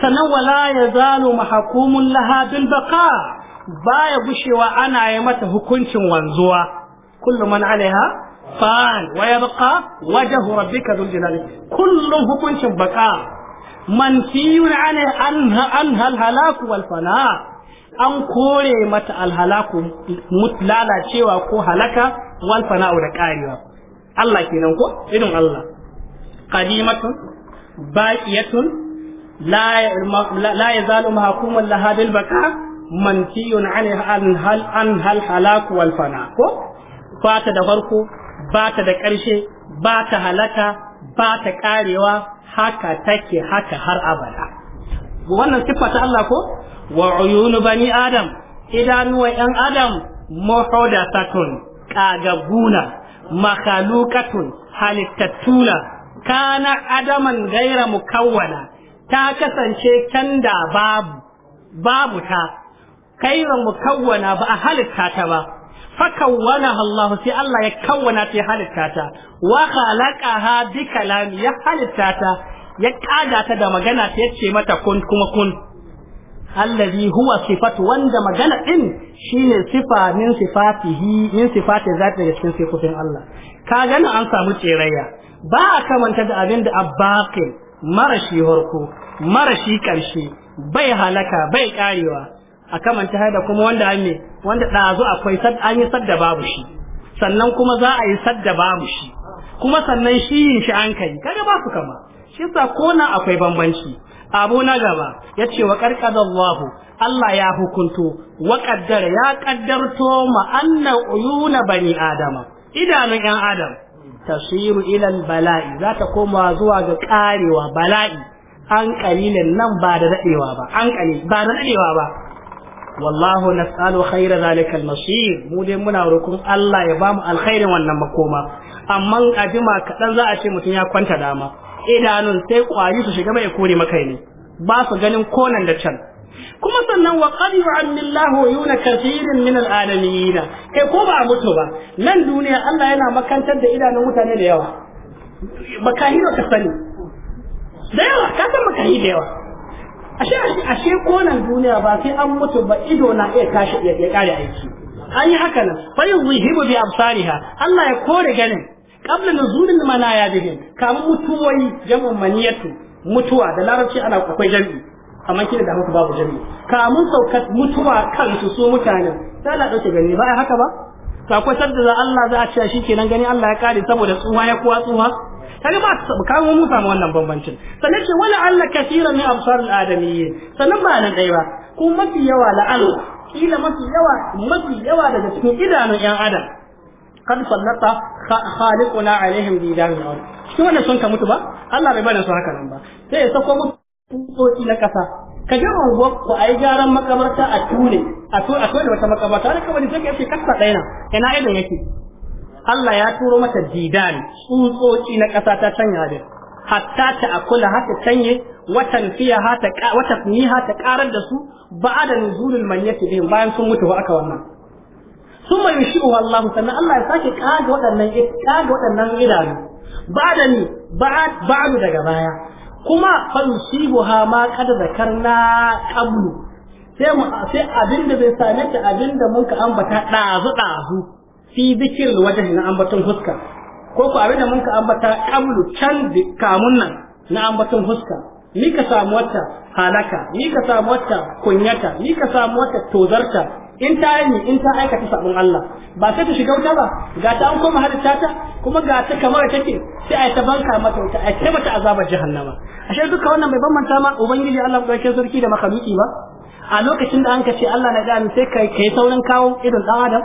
sannan wala ya zalo mahakumun laha bil baqa baya gushewa ana yi mata hukuncin wanzuwa kullu man alaiha fan wa yabqa wajhu rabbika dhul jalali kullum hukuncin baqa Man an an hal halaku wal an kore mata alhalaku lalacewa ko halaka walfana fana'u da karewa Allah kenan ko irin Allah qadimatun baqiyatun la ya zalu mahkuman laha bil baka manfiyun an an hal halaku wal ko ba da farko ba da ƙarshe bata halarta, bata ƙarewa, haka take haka har abada wannan siffa ta Allah ko wa uyunu bani adam idanuwa yan adam muhdathatun kagaguna makhalukatun halittattuna kana adaman gaira mukawwana ta kasance canda babu babu ta mu kawwana ba a halitta ta ba kawwana Allah sai Allah ya kawwana ta halitta ta wa ha bi kalami ya halitta ta ya kada ta da magana ta yace mata kun kuma kun allazi huwa sifatu wanda magana din shine sifa min sifatihi min sifati zati daga cikin sifofin Allah ka gani an samu tserayya ba a kamanta da abin da abbaqin mara shi harko marashi ƙarshe bai halaka bai ƙarewa. a kamanta haida kuma wanda an ne wanda ɗazu akwai an yi sadda babu shi sannan kuma za a yi sadda babu shi kuma sannan shi yin shi an kai kaga ba su kama shi sa kona akwai bambanci abu na gaba ya ce wa karkadallahu Allah ya hukunto wa kaddara ya ƙaddarto ma anna uyuna bani adama idanun yan adam tasiru ilal bala'i za ta koma zuwa ga ƙarewa bala'i an qalilin nan ba da dadewa ba an qalil ba da dadewa ba wallahu nas'alu khayra zalika al-masir mu dai muna roƙon Allah ya bamu alkhairin wannan makoma amma a jima kaɗan za a ce mutum ya kwanta dama idanun sai kwayi su shiga mai kore maka ne ba su ganin konan da can kuma sannan wa qad yu'ammillahu yuna kathirin min al-alamin kai ko ba mutu ba nan duniya Allah yana makantar da idanun mutane da yawa makahiro ka sani da yawa ka san yi da yawa ashe ashe konan duniya ba sai an mutu ba ido na iya tashi ya kare aiki an yi haka nan fa yuzhibu bi absariha Allah ya kore ganin qabla nuzulil manaya bihi kamun mutuwai jam'un maniyatu mutuwa da larabci ana akwai jami'i amma kina da haka babu jami'i kamun mutuwa kan su mutanen sai Allah dauke gani ba haka ba to akwai sadda Allah za a ce shi kenan gani Allah ya kare saboda tsuwa ya kuwa tsuwa kaga ba kawo mu samu wannan bambancin sannan ce wala Allah kaseeran min absar al-adamiyyin sannan ba nan dai ba ko mafi yawa la kila mafi yawa mafi yawa daga cikin idanun yan adam kan sallata khaliquna alaihim bi damin shi wannan sun ka mutu ba Allah bai bada su haka nan ba sai ya sako mutu tsoki na kasa ka ji unguwar ku a yi gyaran makabarta a tune a tune a tune wata makabarta da kamar sai yake kasa ɗaya ina idan yake Allah ya turo mata didan tsutsotsi na ƙasa ta canya da hatta ta akula hata canye watan fiya hata wata ni hata karar da su ba'ada nuzulul mayyiti bihim bayan sun mutu aka wannan sun mai shi Allah sannan Allah ya sake kaga waɗannan kaga waɗannan idanu da ni ba ba'adu daga baya kuma ha ma kada zakar na kablu sai mu sai abinda bai same ta abinda mun ka ambata dazu dazu fi zikir wajhi na ambaton huska ko ko abinda mun ka ambata kablu can kamun nan na ambaton huska ni ka samu wata halaka ni ka samu wata kunyata ni ka samu wata tozarta in ta yi in ta aikata sabon Allah ba sai ta shiga wuta ba ga ta an koma halitta ta kuma ga ta kamar take sai a ta banka mata wuta a ta mata azabar jahannama ashe duka wannan bai bambanta ma ubangiji Allah ɗauke sarki da makaluki ba a lokacin da an ka ce Allah na gani sai kai kai saurin kawo irin dan adam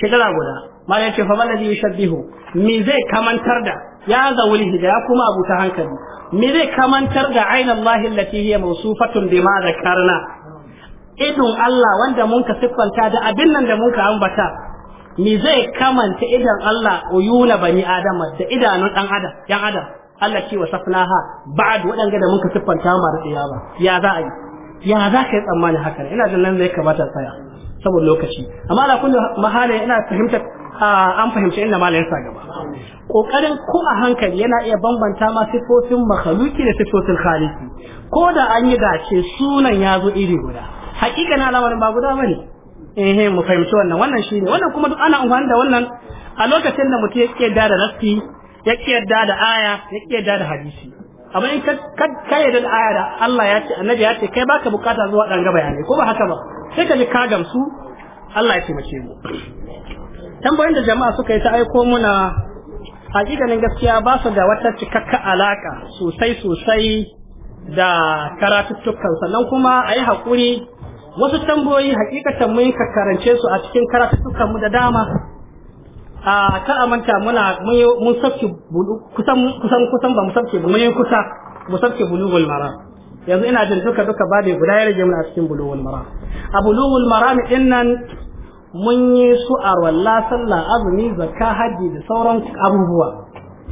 shekara guda malai ce fa malazi yushabbihu me zai kamantar da ya zawul hida kuma abu ta hankali me zai kamantar da ainihin latifiya allati hiya mawsufatun bima zakarna idon Allah wanda mun ka siffanta da abin nan da mun ka ambata me zai kamanta idan Allah uyuna bani adam da idanun dan adam yan adam Allah ce wa safnaha ba'd wadanga da mun ka siffanta ma da tsiyaba ya za a yi ya za ka yi tsammani haka ina jin nan zai kamata tsaya saboda lokaci amma ala kullu mahala ina fahimta an fahimci inda malayin sa gaba kokarin ko a hankali yana iya bambanta ma sifofin makhluki da sifofin khaliki ko da an yi dace sunan ya zo iri guda hakika na lamarin ba guda bane eh mu fahimci wannan wannan shine wannan kuma duk ana amfani da wannan a lokacin da mutum yake da rasti yake yadda da aya yake yadda da hadisi amma in ka yadda da aya da Allah ya ce annabi ya ce kai baka bukata zuwa dan ga bayanai ko ba haka ba sai ka ji ka gamsu Allah ya taimake mu tambayoyin da jama'a suka yi ta aiko muna hakikanin gaskiya ba su da wata cikakka alaka sosai sosai da karatuttukan sannan kuma a yi haƙuri wasu tambayoyi hakikatan mun kakkarance su a cikin karatukan mu da dama a ta amanta muna mun sabke kusan kusan kusan ba mu sabke mun yi kusa mu sabke bulugul maram yanzu ina jin duka duka ba da guda ya mun a cikin bulugul maram a bulugul maram din nan mun yi su a walla sallah azumi zakka haji da sauran abubuwa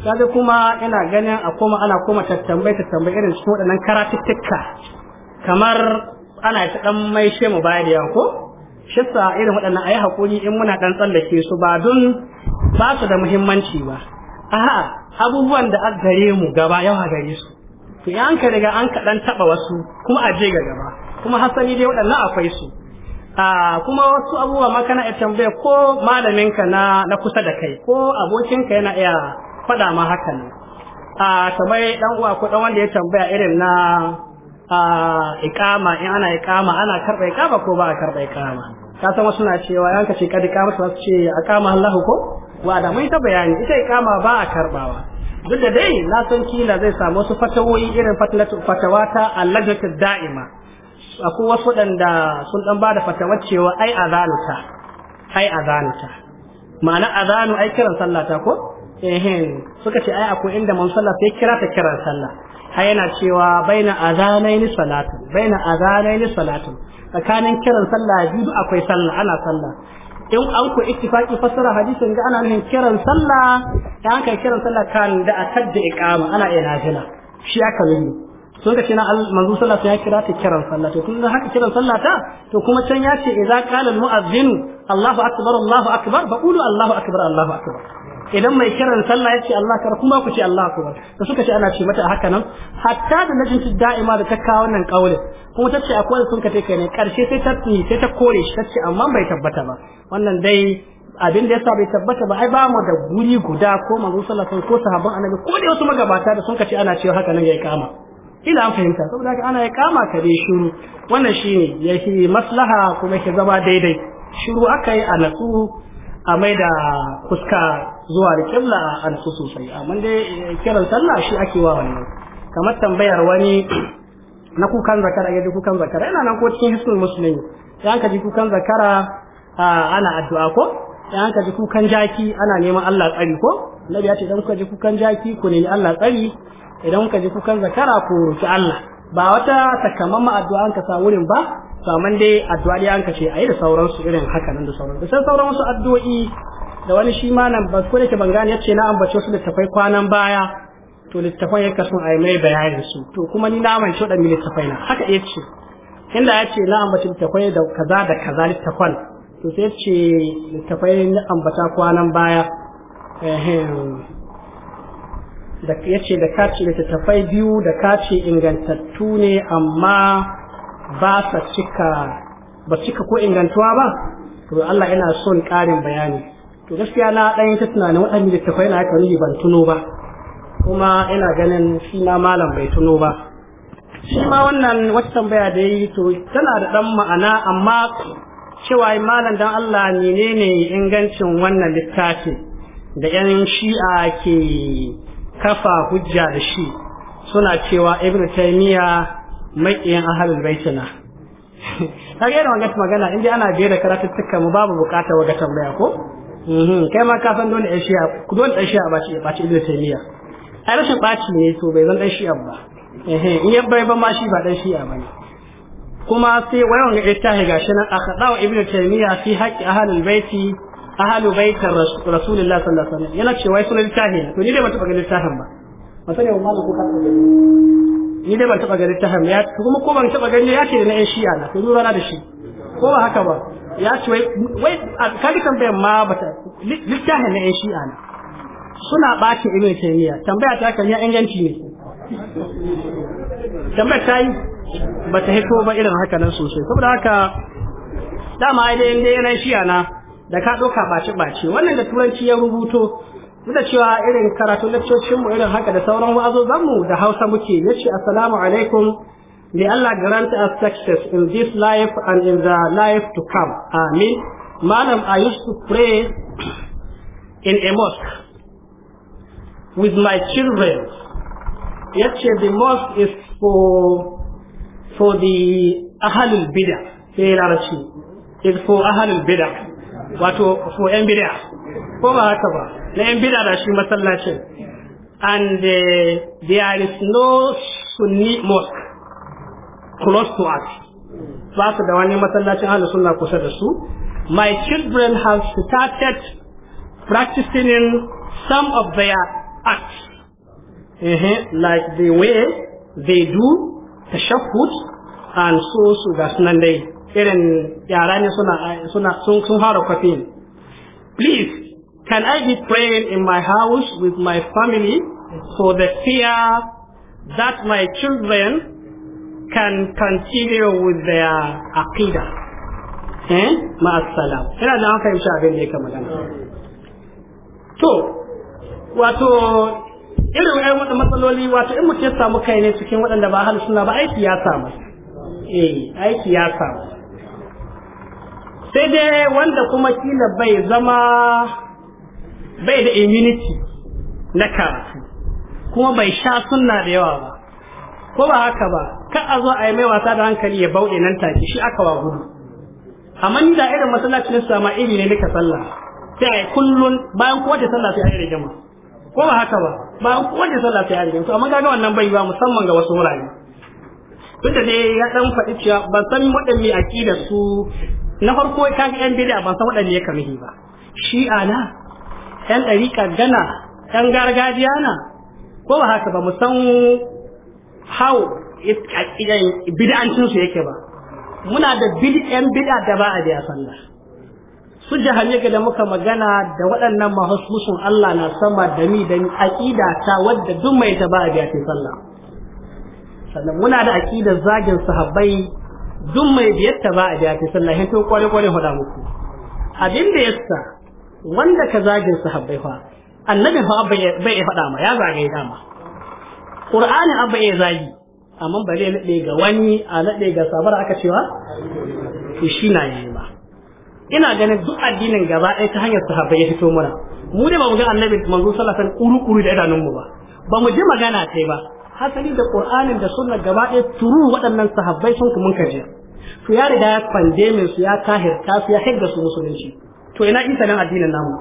kaga kuma ina ganin a koma ana koma tattambai tattambai irin su waɗannan karatuttuka kamar ana ta dan mai she mu bariya ko sa irin waɗannan ayi hakuri in muna dan tsallake su ba don ba su da muhimmanci ba a'a abubuwan da aka gare mu gaba yawa gare su to ya ka riga an ka dan taba wasu kuma a je ga gaba kuma hasali dai waɗannan akwai su a kuma wasu abubuwa ma kana iya tambaya ko malamin ka na na kusa da kai ko abokin ka yana iya faɗa ma haka ne a kamar dan uwa ko dan wanda ya tambaya irin na a iqama in ana iqama ana karba iqama ko ba a karba iqama ka san wasu na cewa yanka ce kad iqama su ce aqama Allahu ko wa da mun ta bayani ita iqama ba a karbawa duk da dai na san kila zai samu wasu fatawoyi irin fatalatu fatawata allajatu da'ima akwai wasu da sun dan bada fatawar cewa ai azanuta ai azanuta ma'ana azanu ai kiran sallata ko ehem suka ce ai akwai inda man sallah sai kira ta kiran sallah har yana cewa baina azanain salatu baina azanain salatu tsakanin kiran sallah biyu akwai sallah ana sallah in an ku ittifaqi fasara hadisin ga ana nan kiran sallah da an kai kiran sallah kan da akad da iqama ana iya nafila shi aka nuni so da kina manzo sallah ya kira ta kiran sallah to kun haka kiran sallah ta to kuma can ya ce idza qala al mu'adhdhin Allahu akbar Allahu akbar fa qulu Allahu akbar Allahu akbar idan mai kiran sallah ya ce Allah kar kuma ku ce Allah akbar da suka ce ana ce mata haka nan hatta da najintu da'ima da ta kawo wannan kaulin kuma tace akwai sun ka take ne karshe sai ta sai ta kore shi ce amma bai tabbata ba wannan dai abin da yasa bai tabbata ba ai ba mu da guri guda ko manzo sallallahu alaihi wasallam ko sahabban annabi ko da wasu magabata da sun ka ce ana cewa haka nan yayi kama ila an fahimta saboda haka ana ya kama ka dai shiru wannan shine yake maslaha kuma yake zama daidai shiru akai a nasu a mai da fuska zuwa da kibla a alfu sosai amma dai kiran sallah shi ake wa wannan kamar tambayar wani na kukan zakara ya ji kukan zakara yana nan ko cikin hisnul musulmi ya ka ji kukan zakara ana addu'a ko ya ka ji kukan jaki ana neman Allah tsari ko nabi ya ce idan kuka ji kukan jaki ku nemi Allah tsari idan kuka ji kukan zakara ku roki Allah ba wata takamamma addu'a an ka sa wurin ba Saman dai addu'a dai an kace ayi da sauransu irin haka nan da sauran da sai sauran wasu addu'o'i da wani shi ma nan ba ko dake ban gane yace na ambace su littafai kwanan baya to littafai yake sun ayi mai bayanin su to kuma ni na amince da mi littafai na haka yace inda yace na ambace littafai da kaza da kaza littafan to sai yace littafai na ambata kwanan baya da yace da kace littafai biyu da kace ingantattu ne amma ba sa cika ba cika ko ingantuwa ba to Allah yana son ƙarin bayani to gaskiya na ɗan ta tunanin waɗanda littafai na aka ban tuno ba kuma ina ganin shi na malam bai tuno ba shi ma wannan wata tambaya da yi to tana da ɗan ma'ana amma cewa malam dan Allah menene ingancin wannan littafi da yan shi'a ke kafa hujja da shi suna cewa ibn taymiya maƙiyan ahalul baitina kaga irin wannan magana in dai ana biyar da tukka mu babu bukata wa tambaya ko mhm, kai ma ka san dole ashiya ku dole ashiya ba ce ba ce ibnu taymiya ai rashin baci ne to bai zan dan shi ba eh in ya bai ban ma shi ba dan shi ba ne kuma sai wai ga ta ga shi nan aka dawo ibnu sai fi haqqi ahlul baiti ahlul baitir rasulullah sallallahu alaihi wasallam yana cewa sunan littafin to ni dai ban taba ganin littafin ba ba sai ko ka ni dai ban taba ganin ta ya kuma ko ban taba gani ya ce da na yan shiya na kuma rana da shi ko ba haka ba ya ce wai wai ji tambayar ma ba ta littafin na yan shiya na suna bacin ibn taymiya tambaya ta kan ya inganci ne tambayar ta yi ta hito ba irin haka nan sosai saboda haka dama ai dai yan shiya na da ka ɗauka ɓace-ɓace, wannan da turanci ya rubuto muna cewa irin karatun lakcocin mu irin haka da sauran wa'azozan mu da Hausa muke yace assalamu alaikum may Allah grant us success in this life and in the life to come amin madam i used to pray in a mosque with my children yace the mosque is for for the ahlul bidah sai larabci is for ahlul bidah wato ko yan bid'a ko ba haka ba na yan bid'a da shi masallacin and uh, there is no sunni mosque close to us ba su da wani masallacin ahlus sunna kusa da su my children have started practicing some of their acts uh -huh. like the way they do tashahhud and so su ga sunan dai irin yara ne suna suna sun sun fara caffeine please can I be praying in my house with my family for the fear that my children can continue with their aqidah eh ma'assalam ina da haka insha abin da yake magana to wato irin ayyukan waɗannan matsaloli wato in mutum ya samu kai ne cikin waɗanda ba hal suna ba aiki ya samu eh aiki ya samu sai dai wanda kuma kila bai zama bai da immunity na karatu kuma bai sha sunna da yawa ba ko ba haka ba ka a zo a yi mai wasa da hankali ya bauɗe nan take shi aka wa gudu amma ni da irin masallacin sama iri ne nika sallah sai a yi kullun bayan kowace sallah sai a yi rigima ko ba haka ba bayan kowace sallah sai a yi rigima amma kaga wannan bai ba musamman ga wasu wurare duk da dai ya dan faɗi cewa ban san waɗanne aƙidar su na farko ya ga yan bid'a ban san waɗanne ya kamihi ba shi'a na yan ɗariƙa gana yan gargajiya na ko ba haka ba mu san how bid'ancinsu yake ba muna da yan bid'a da ba a biya sallah su jahanne ga da muka magana da waɗannan mahasusun Allah na sama da mi da aƙida ta wadda duk mai ta ba a biya sallah sannan muna da aƙidar zagin sahabbai duk mai biyatta ba a biya ta sallah to kware kware hoda muku abin da yasa wanda ka zage sahabbai fa annabi fa bai ya faɗa ma ya zage dama qur'ani abba ya zagi amma bare na ga wani a naɗe ga sabar aka cewa to shi na yi ba ina ganin duk addinin gaba ɗaya ta hanyar sahabbai ya fito mana mu ne ba mu ga annabi manzo sallallahu alaihi wasallam kuru kuru da idanun mu ba ba mu ji magana sai ba hasali da qur'anin da sunnar gaba ɗaya turu waɗannan sahabbai sun kuma kaje to ya riga ya min su ya kahirta su ya hidda su musulunci to ina isa nan addinin namu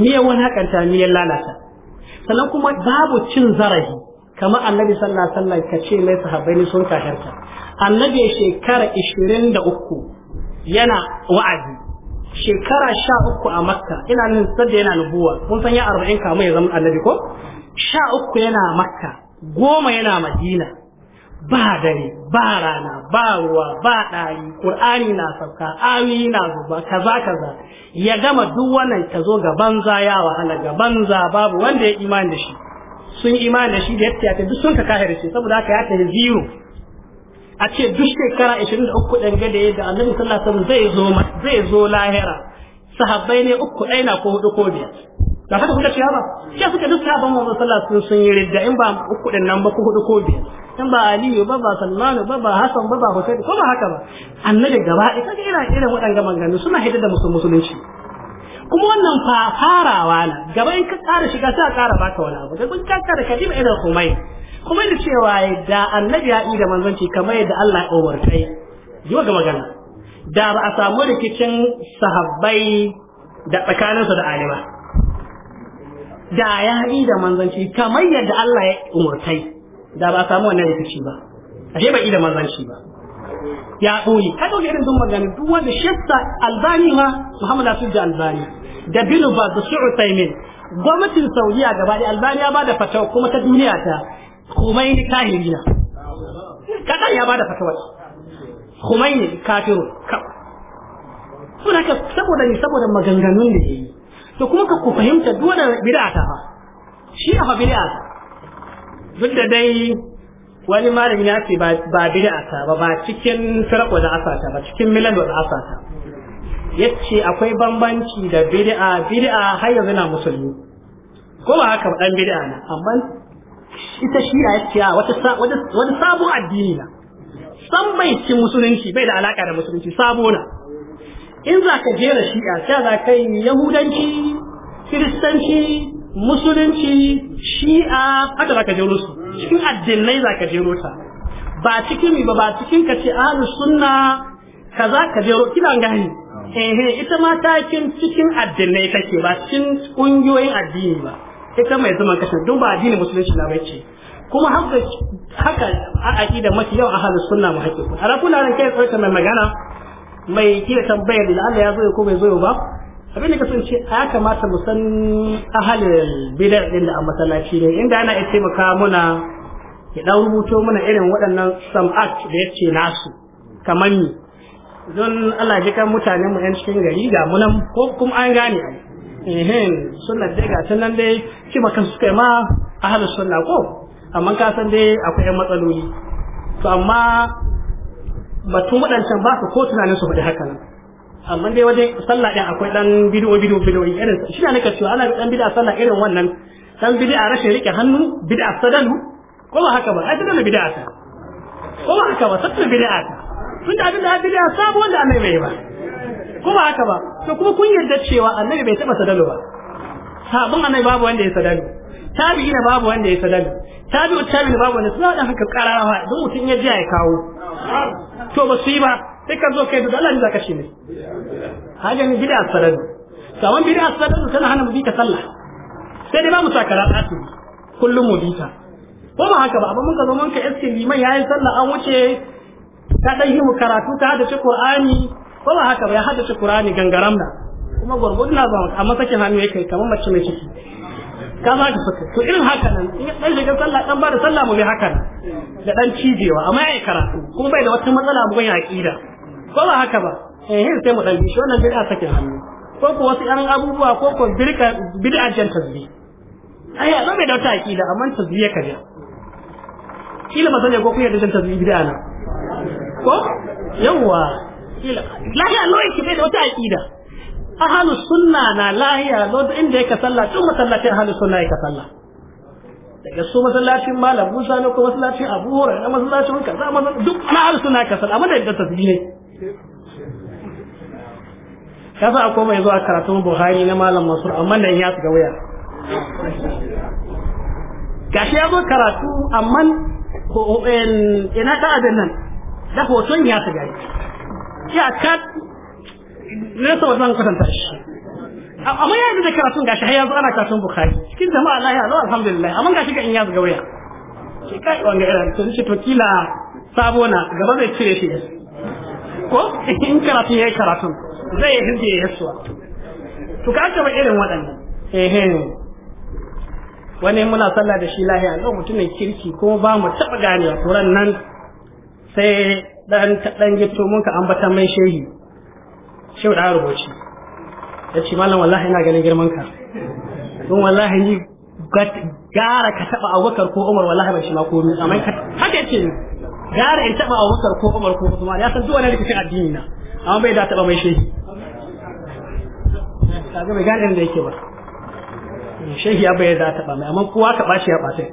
ni ya wani hakanta ni ya lalata sannan kuma babu cin zarafi kamar annabi sallallahu alaihi wasallam ka ce mai sahabbai ne sun kahirta annabi shekara 23 yana wa'azi shekara sha uku a makka ina nan sadda yana nubuwa kun san ya arba'in kama ya zama annabi ko sha uku yana makka goma yana madina ba dare ba rana ba ruwa ba ɗari ƙur'ani na sauka ami na zuba kaza kaza ya gama duk wannan ka zo ga banza ya wahala ga banza babu wanda ya imani da shi sun imani da shi da yadda ya duk sun ka shi, saboda haka ya tafi zero a ce duk shekara 23 ɗin gada yadda annabi sallallahu alaihi wasallam zai zo zai zo lahira sahabbai ne uku ɗaya na ko hudu ko biyar da haka kuka ciya ba sai suka duk sabon manzo sallallahu alaihi sun yi ridda in ba uku din nan ba ko hudu ko biyar in ba aliyu ba ba salmanu ba ba hasan ba ba husaini ko ba haka ba annabi gaba ita kaga ina irin waɗanga mangani, suna hidda da musulunci kuma wannan fa farawa na gaba in ka ƙara shiga sai a ƙara baka wani abu da kun ƙara ka irin kumai kuma da cewa da annabi ya yi da manzanci kamar yadda Allah ya umartai yi ga magana da ba a samu rikicin sahabbai da tsakaninsa da alima da ya yi da manzanci kamar yadda Allah ya umurtai da ba samu wannan rikici ba ashe bai yi manzanci ba ya ɓoye ka ɗauki irin sun magana duk wanda shista albani ma muhammad asud da albani da binu ba da su min. gwamnatin saudiya gaba da albani ya bada fatawa kuma ta duniya ta kumaini kahirina kaɗan ya bada fatawa kumaini kafiru suna ka saboda ni saboda maganganun da to kuma ka ku fahimta dole bid'a ta fa shi a bid'a duk da dai wani malami ya ce ba bid'a ta ba ba cikin sarko da asata ba cikin milan da asata yace akwai bambanci da bid'a bid'a har yanzu na musulmi ko ba haka dan bid'a na amma ita shi ya ce wata wani sabon addini na san bai cikin musulunci bai da alaka da musulunci sabo in za ka jera shi'a ta za ka yi yahudanci kiristanci musulunci shi'a haka za ka jero su cikin addinai za ka jero ta ba cikin ba ba cikin ka ce ahlus sunna suna, ka jero kina gani eh ita ma takin cikin addinai ke ba cikin kungiyoyin addini ba ita mai zaman kashe. don ba addinin musulunci na bace kuma haka haka a aqida mafi yau ahlus sunna mu ku? a rafulan kai tsaye mai magana mai kila tambayar da Allah ya zo ya ko bai zo ba abin da kasan ce ya kamata mu san ahalin bidar din da a masallaci ne inda ana iya taimaka muna ya ɗan rubuto muna irin waɗannan sam'at da ya ce nasu kamar ni don Allah ji kan mutanen mu yan cikin gari ga munan ko kuma an gane ehin suna sunna dai ga tunan dai ci maka su kai ma ahalus sunna ko amma ka san dai akwai matsaloli to amma batun waɗancan ba su ko tunanin su faɗi haka nan amma dai wajen sallah ɗin akwai ɗan bidiyo bidiyo bidiyo irin shi na nika cewa ana ɗan bid'a sallah irin wannan ɗan bid'a rashin riƙe hannu bid'a sadalu ko ba haka ba ai sadalu bid'a ta ko ba haka ba sadalu bid'a ta tun da abin da bid'a sabu wanda annabi bai ba ko ba haka ba to kuma kun yarda cewa annabi bai taɓa sadalu ba sabon annabi babu wanda ya sadalu tabi'i na babu wanda ya sadalu tabi'u tabi'i babu wanda suna da haka kararawa don mutum ya ji ya kawo to ba su yi ba sai ka zo kai da Allah ne za ka shi ne hajjan bid'a sarari sawan bid'a sarari tana hana mu bi ka sallah sai dai ba mu takara tsatu kullum mu bi ta ko ba haka ba amma mun ka zo mun ka iske liman yayin sallah an wuce ta dan yi mu karatu ta hada ci Qur'ani ko ba haka ba ya hada ci Qur'ani gangaram na kuma gurgurdu na ba amma sakin hannu yake kamar mace mai ciki ka ba ka saka to irin haka nan in dan shiga sallah dan ba da sallah mu bi haka nan da dan cijewa amma yayi karatu kuma bai da wata matsala mu gani aqida ko ba haka ba eh sai mu dan bi shi wannan bid'a take hannu ko ko wasu yan abubuwa ko ko bid'a bid'a jan tasbi ai ba bai da wata aqida amma tasbi ya kaje kila ba sanya ko kuma da jan tasbi bid'a na ko yawa kila lahi Allah yake bai da wata aqida ahalus sunna na lahiya lord inda yake sallah tun masallacin ahalus sunna yake sallah daga su masallacin malam musa ne ko masallacin abu Hurairah ne masallacin ka za mu duk na ahalus sunna yake sallah amma da yadda tasbih ne kasa akwai mai zuwa karatun buhari na malam mansur amma nan ya shiga waya gashi ya zo karatu amma eh, ina ta abin nan da hoton ya shiga ya kat ne ba zan kwatanta shi amma yanzu da karatun gashi har yanzu ana karatun bukhari cikin jama'a lahi alau alhamdulillah amma gashi ga in ya ga waya ke kai wanga irin to shi to kila sabo na gaba zai cire shi ko in karatun yayi karatun zai yi hindi ya yasuwa to ka ba irin waɗannan eh wani muna sallah da shi lahi alau mutumin kirki ko ba mu taɓa ganewa turan nan sai ɗan ta dan gito mun ka ambata mai shehi shehu da rubuci ya ce malam wallahi ina ganin girman ka don wallahi ni gara ka taba abubakar ko umar wallahi ban shi ma komai amma ka haka ce gara in taba abubakar ko umar ko usman ya san duk wani rikicin addini na amma bai da taba mai shehi kaga bai gane da yake ba shehi ya bai da taba mai amma kowa ka bashi ya bace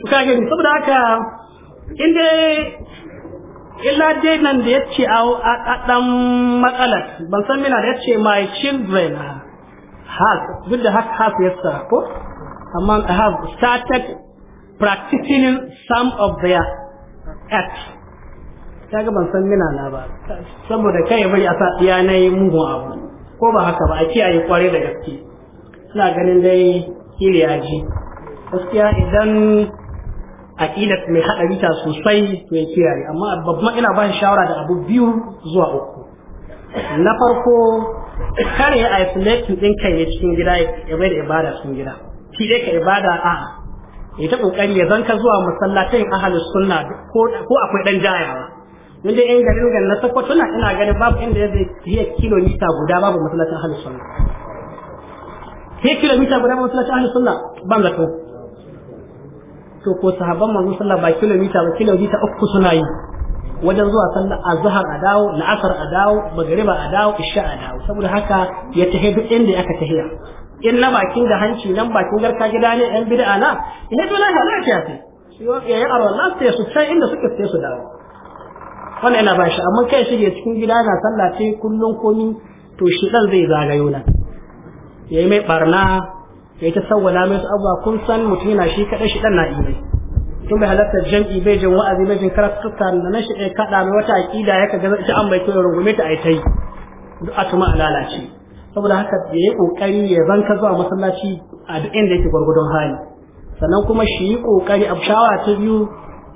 to kage saboda haka in illa dai nan da yace a dan matsalar ban san mina da yace my children has duk da haka has yasa ko amma I have started practicing some of their acts ga ban san mina na ba saboda kai bari a sa iya na yi mugun abu ko ba haka ba a kiyaye kwarai da gaske ina ganin dai kiriya ji gaskiya idan aqida mai haɗa rita sosai to ya kiyaye amma babban ina ba shawara da abu biyu zuwa uku na farko kare ya isolate din kai ne cikin gida ya bai da ibada cikin gida shi dai ka ibada a ya ta kokari ya zanka zuwa masallacin ahlus sunna ko ko akwai dan jayawa mun yan garin gan na sakwato na ina ganin babu inda ya zai iya kilomita guda babu masallacin ahlus sunna sai kilomita guda babu masallatin ahlus sunna ban zato to ko sahabban manzo sallah ba kilomita ba kilomita uku suna yi wajen zuwa sallar azhar a dawo la'asar a dawo magriba a dawo isha a dawo saboda haka ya tahe duk inda aka tahe in na bakin da hanci nan bakin garka gida ne yan bid'a na ina dole ha lafiya sai ya yi arwa na sai su sai inda suka sai su dawo wannan ina ba shi amma kai shige cikin gida na sallah ce kullun komi to shi dan zai zagayo nan yayi mai barna ya ta sawwala mai su abuwa kun san mutum yana shi kaɗai shi ɗan na mai tun bai halartar jam'i bai jin wa'azi bai jin karatuka na nan shi ɗaya kaɗa mai wata aƙida ya ka gaza ita an bai kyau rungume ta ai ta yi duk atuma a lalace saboda haka ya yi ƙoƙari ya zanka zuwa masallaci a duk inda yake gwargwadon hali sannan kuma shi yi ƙoƙari a shawara ta biyu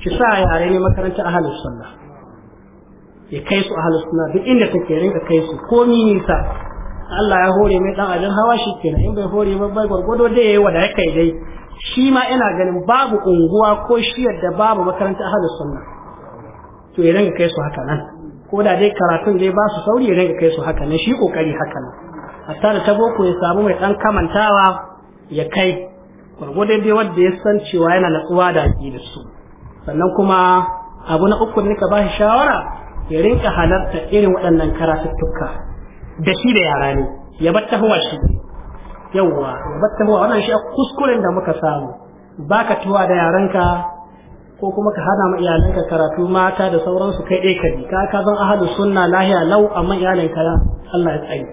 shi sa yare ne makarantar halin sallah. ya kai su a halin sallah duk inda take rinka kai su ko ni nisa Allah ya hore mai dan abin hawa shi kenan in bai hore ba bai gwargwado da yayi wada ya kai dai shi ma ina ganin babu unguwa ko shiyar da babu makaranta ahlus sunna to ya ringa kai su haka nan ko da dai karatun dai ba su sauri ya ringa kai su haka nan shi kokari haka nan hatta da ta boku ya samu mai dan kamantawa ya kai gwargwado dai wanda ya san cewa yana natsuwa da aqidar su sannan kuma abu na uku ne ka ba shawara ya rinka halarta irin waɗannan karatuttuka da shi da yara ne ya bar huwa shi yawwa ya bar huwa wannan shi kuskuren da muka samu baka tuwa da yaranka ko kuma ka hana ma iyalanka karatu mata da sauransu kai ɗaya ka bi ka ka zan ahalu sunna lahiya lau amma ka Allah ya tsaye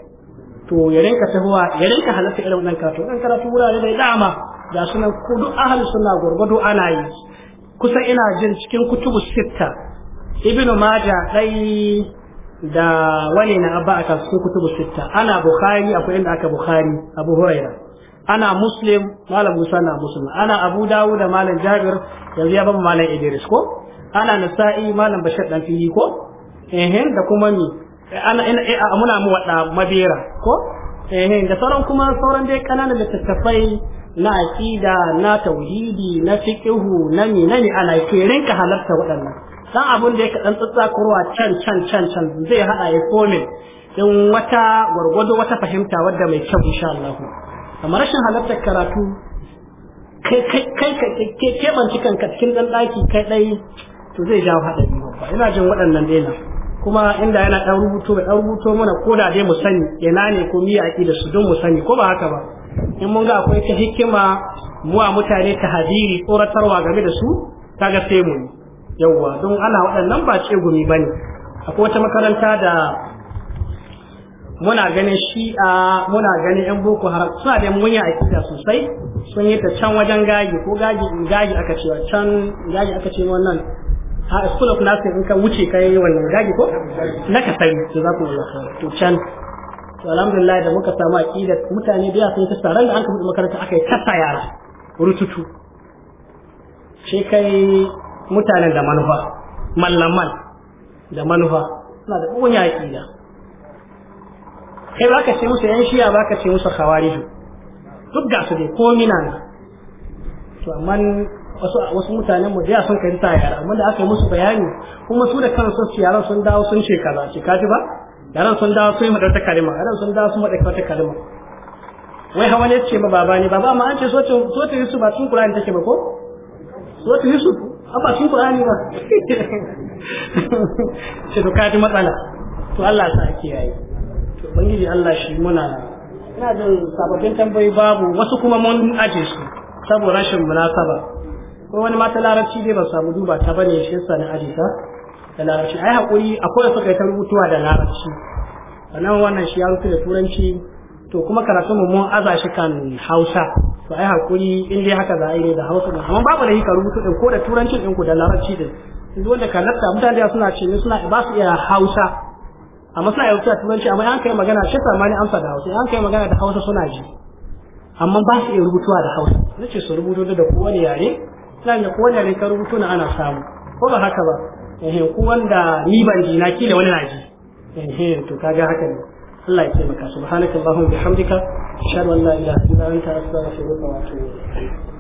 to ya rinka tahowa ya rinka halatta irin wannan karatu dan karatu wurare da dama ga sunan ko duk ahalu sunna gurgudu ana yi kusan ina jin cikin kutubu sitta ibnu majah dai da wani na abba aka cikin kutubu sitta ana bukhari akwai inda aka bukhari abu huraira ana muslim malam musa na muslim ana abu dawud da malam jabir yanzu ya bamu malam idris ko ana nasa'i malam bashir dan fili ko eh da kuma ni ana eh, muna mu wada mabera ko eh da sauran kuma sauran dai kananan littattafai na aqida na tauhidi na fiqhu na ni na ni ana ke rinka halarta waɗannan dan abun da yake dan tsatsakurwa can can can can zai hada ya komai in wata gurgudu wata fahimta wadda mai kyau insha Allah amma rashin halartar karatu kai kai kai ke kebanci kanka cikin dan daki kai dai to zai jawo hadari babba ina jin waɗannan dena kuma inda yana dan rubuto mai dan rubuto mana koda dai mu sani ina ne ko miya aki da su don mu sani ko ba haka ba in mun ga akwai ta hikima mu a mutane ta hadiri tsoratarwa game da su ta ga sai mu yawwa don ana waɗannan ba ce gumi ba ne akwai wata makaranta da muna ganin shi'a muna ganin yan boko haram suna da munya a kisa sosai sun yi ta can wajen gaji ko gaji gaji aka ce can gaji aka ce wannan a school of nursing in ka wuce yi wannan gaji ko na ka sai to za ku yi to can to alhamdulillah da muka samu aqidar mutane da sun ta saran da an ka makaranta aka yi kasa yara rututu shi kai mutanen da manufa mallaman da manufa suna da ɓunya aƙida kai baka ce musu yan shiya baka ce musu khawariju duk ga su dai ko mina ne to amma wasu wasu mutanen mu da sun kai ta yara amma da aka yi musu bayani kuma su da kansu su yaran sun dawo sun ce kaza ce kaji ba yaran sun dawo sun madar ta kalima yaran sun dawo sun madar ta kalima wai hawa ne ce ma baba ne baba amma an ce so ta so ba tun Qur'ani take ba ko so ta yusu ba shi Qur'ani ba ce to kaji matsala to Allah sa ake yayi to bangiji Allah shi muna ina jin sababbin tambayoyi babu wasu kuma mun aje su saboda rashin munasaba ko wani mata larabci dai ba samu duba ta bane shi yasa na aje ta da larabci ai hakuri akwai suka yi ta rubutuwa da larabci sannan wannan shi ya rubuta da turanci to kuma karatu mu mun aza shi kan Hausa to ai hakuri in dai haka za a yi da Hausa ne amma babu da yi rubutu din ko da turancin din ku da larabci din duk wanda ka lafta mutane da suna ce suna ba su iya Hausa amma suna yi turanci amma an kai magana shi samani amsa da Hausa an kai magana da Hausa suna ji amma ba su iya rubutuwa da Hausa nace su rubuto da kowane yare nan da kowane yare ka rubutu na ana samu ko ba haka ba eh ku wanda ni ban ji na kila wani na ji eh to kaga haka ne Allah ya taimaka subhanakallahumma bihamdika ashhadu an la ilaha illa anta astaghfiruka wa atubu ilayk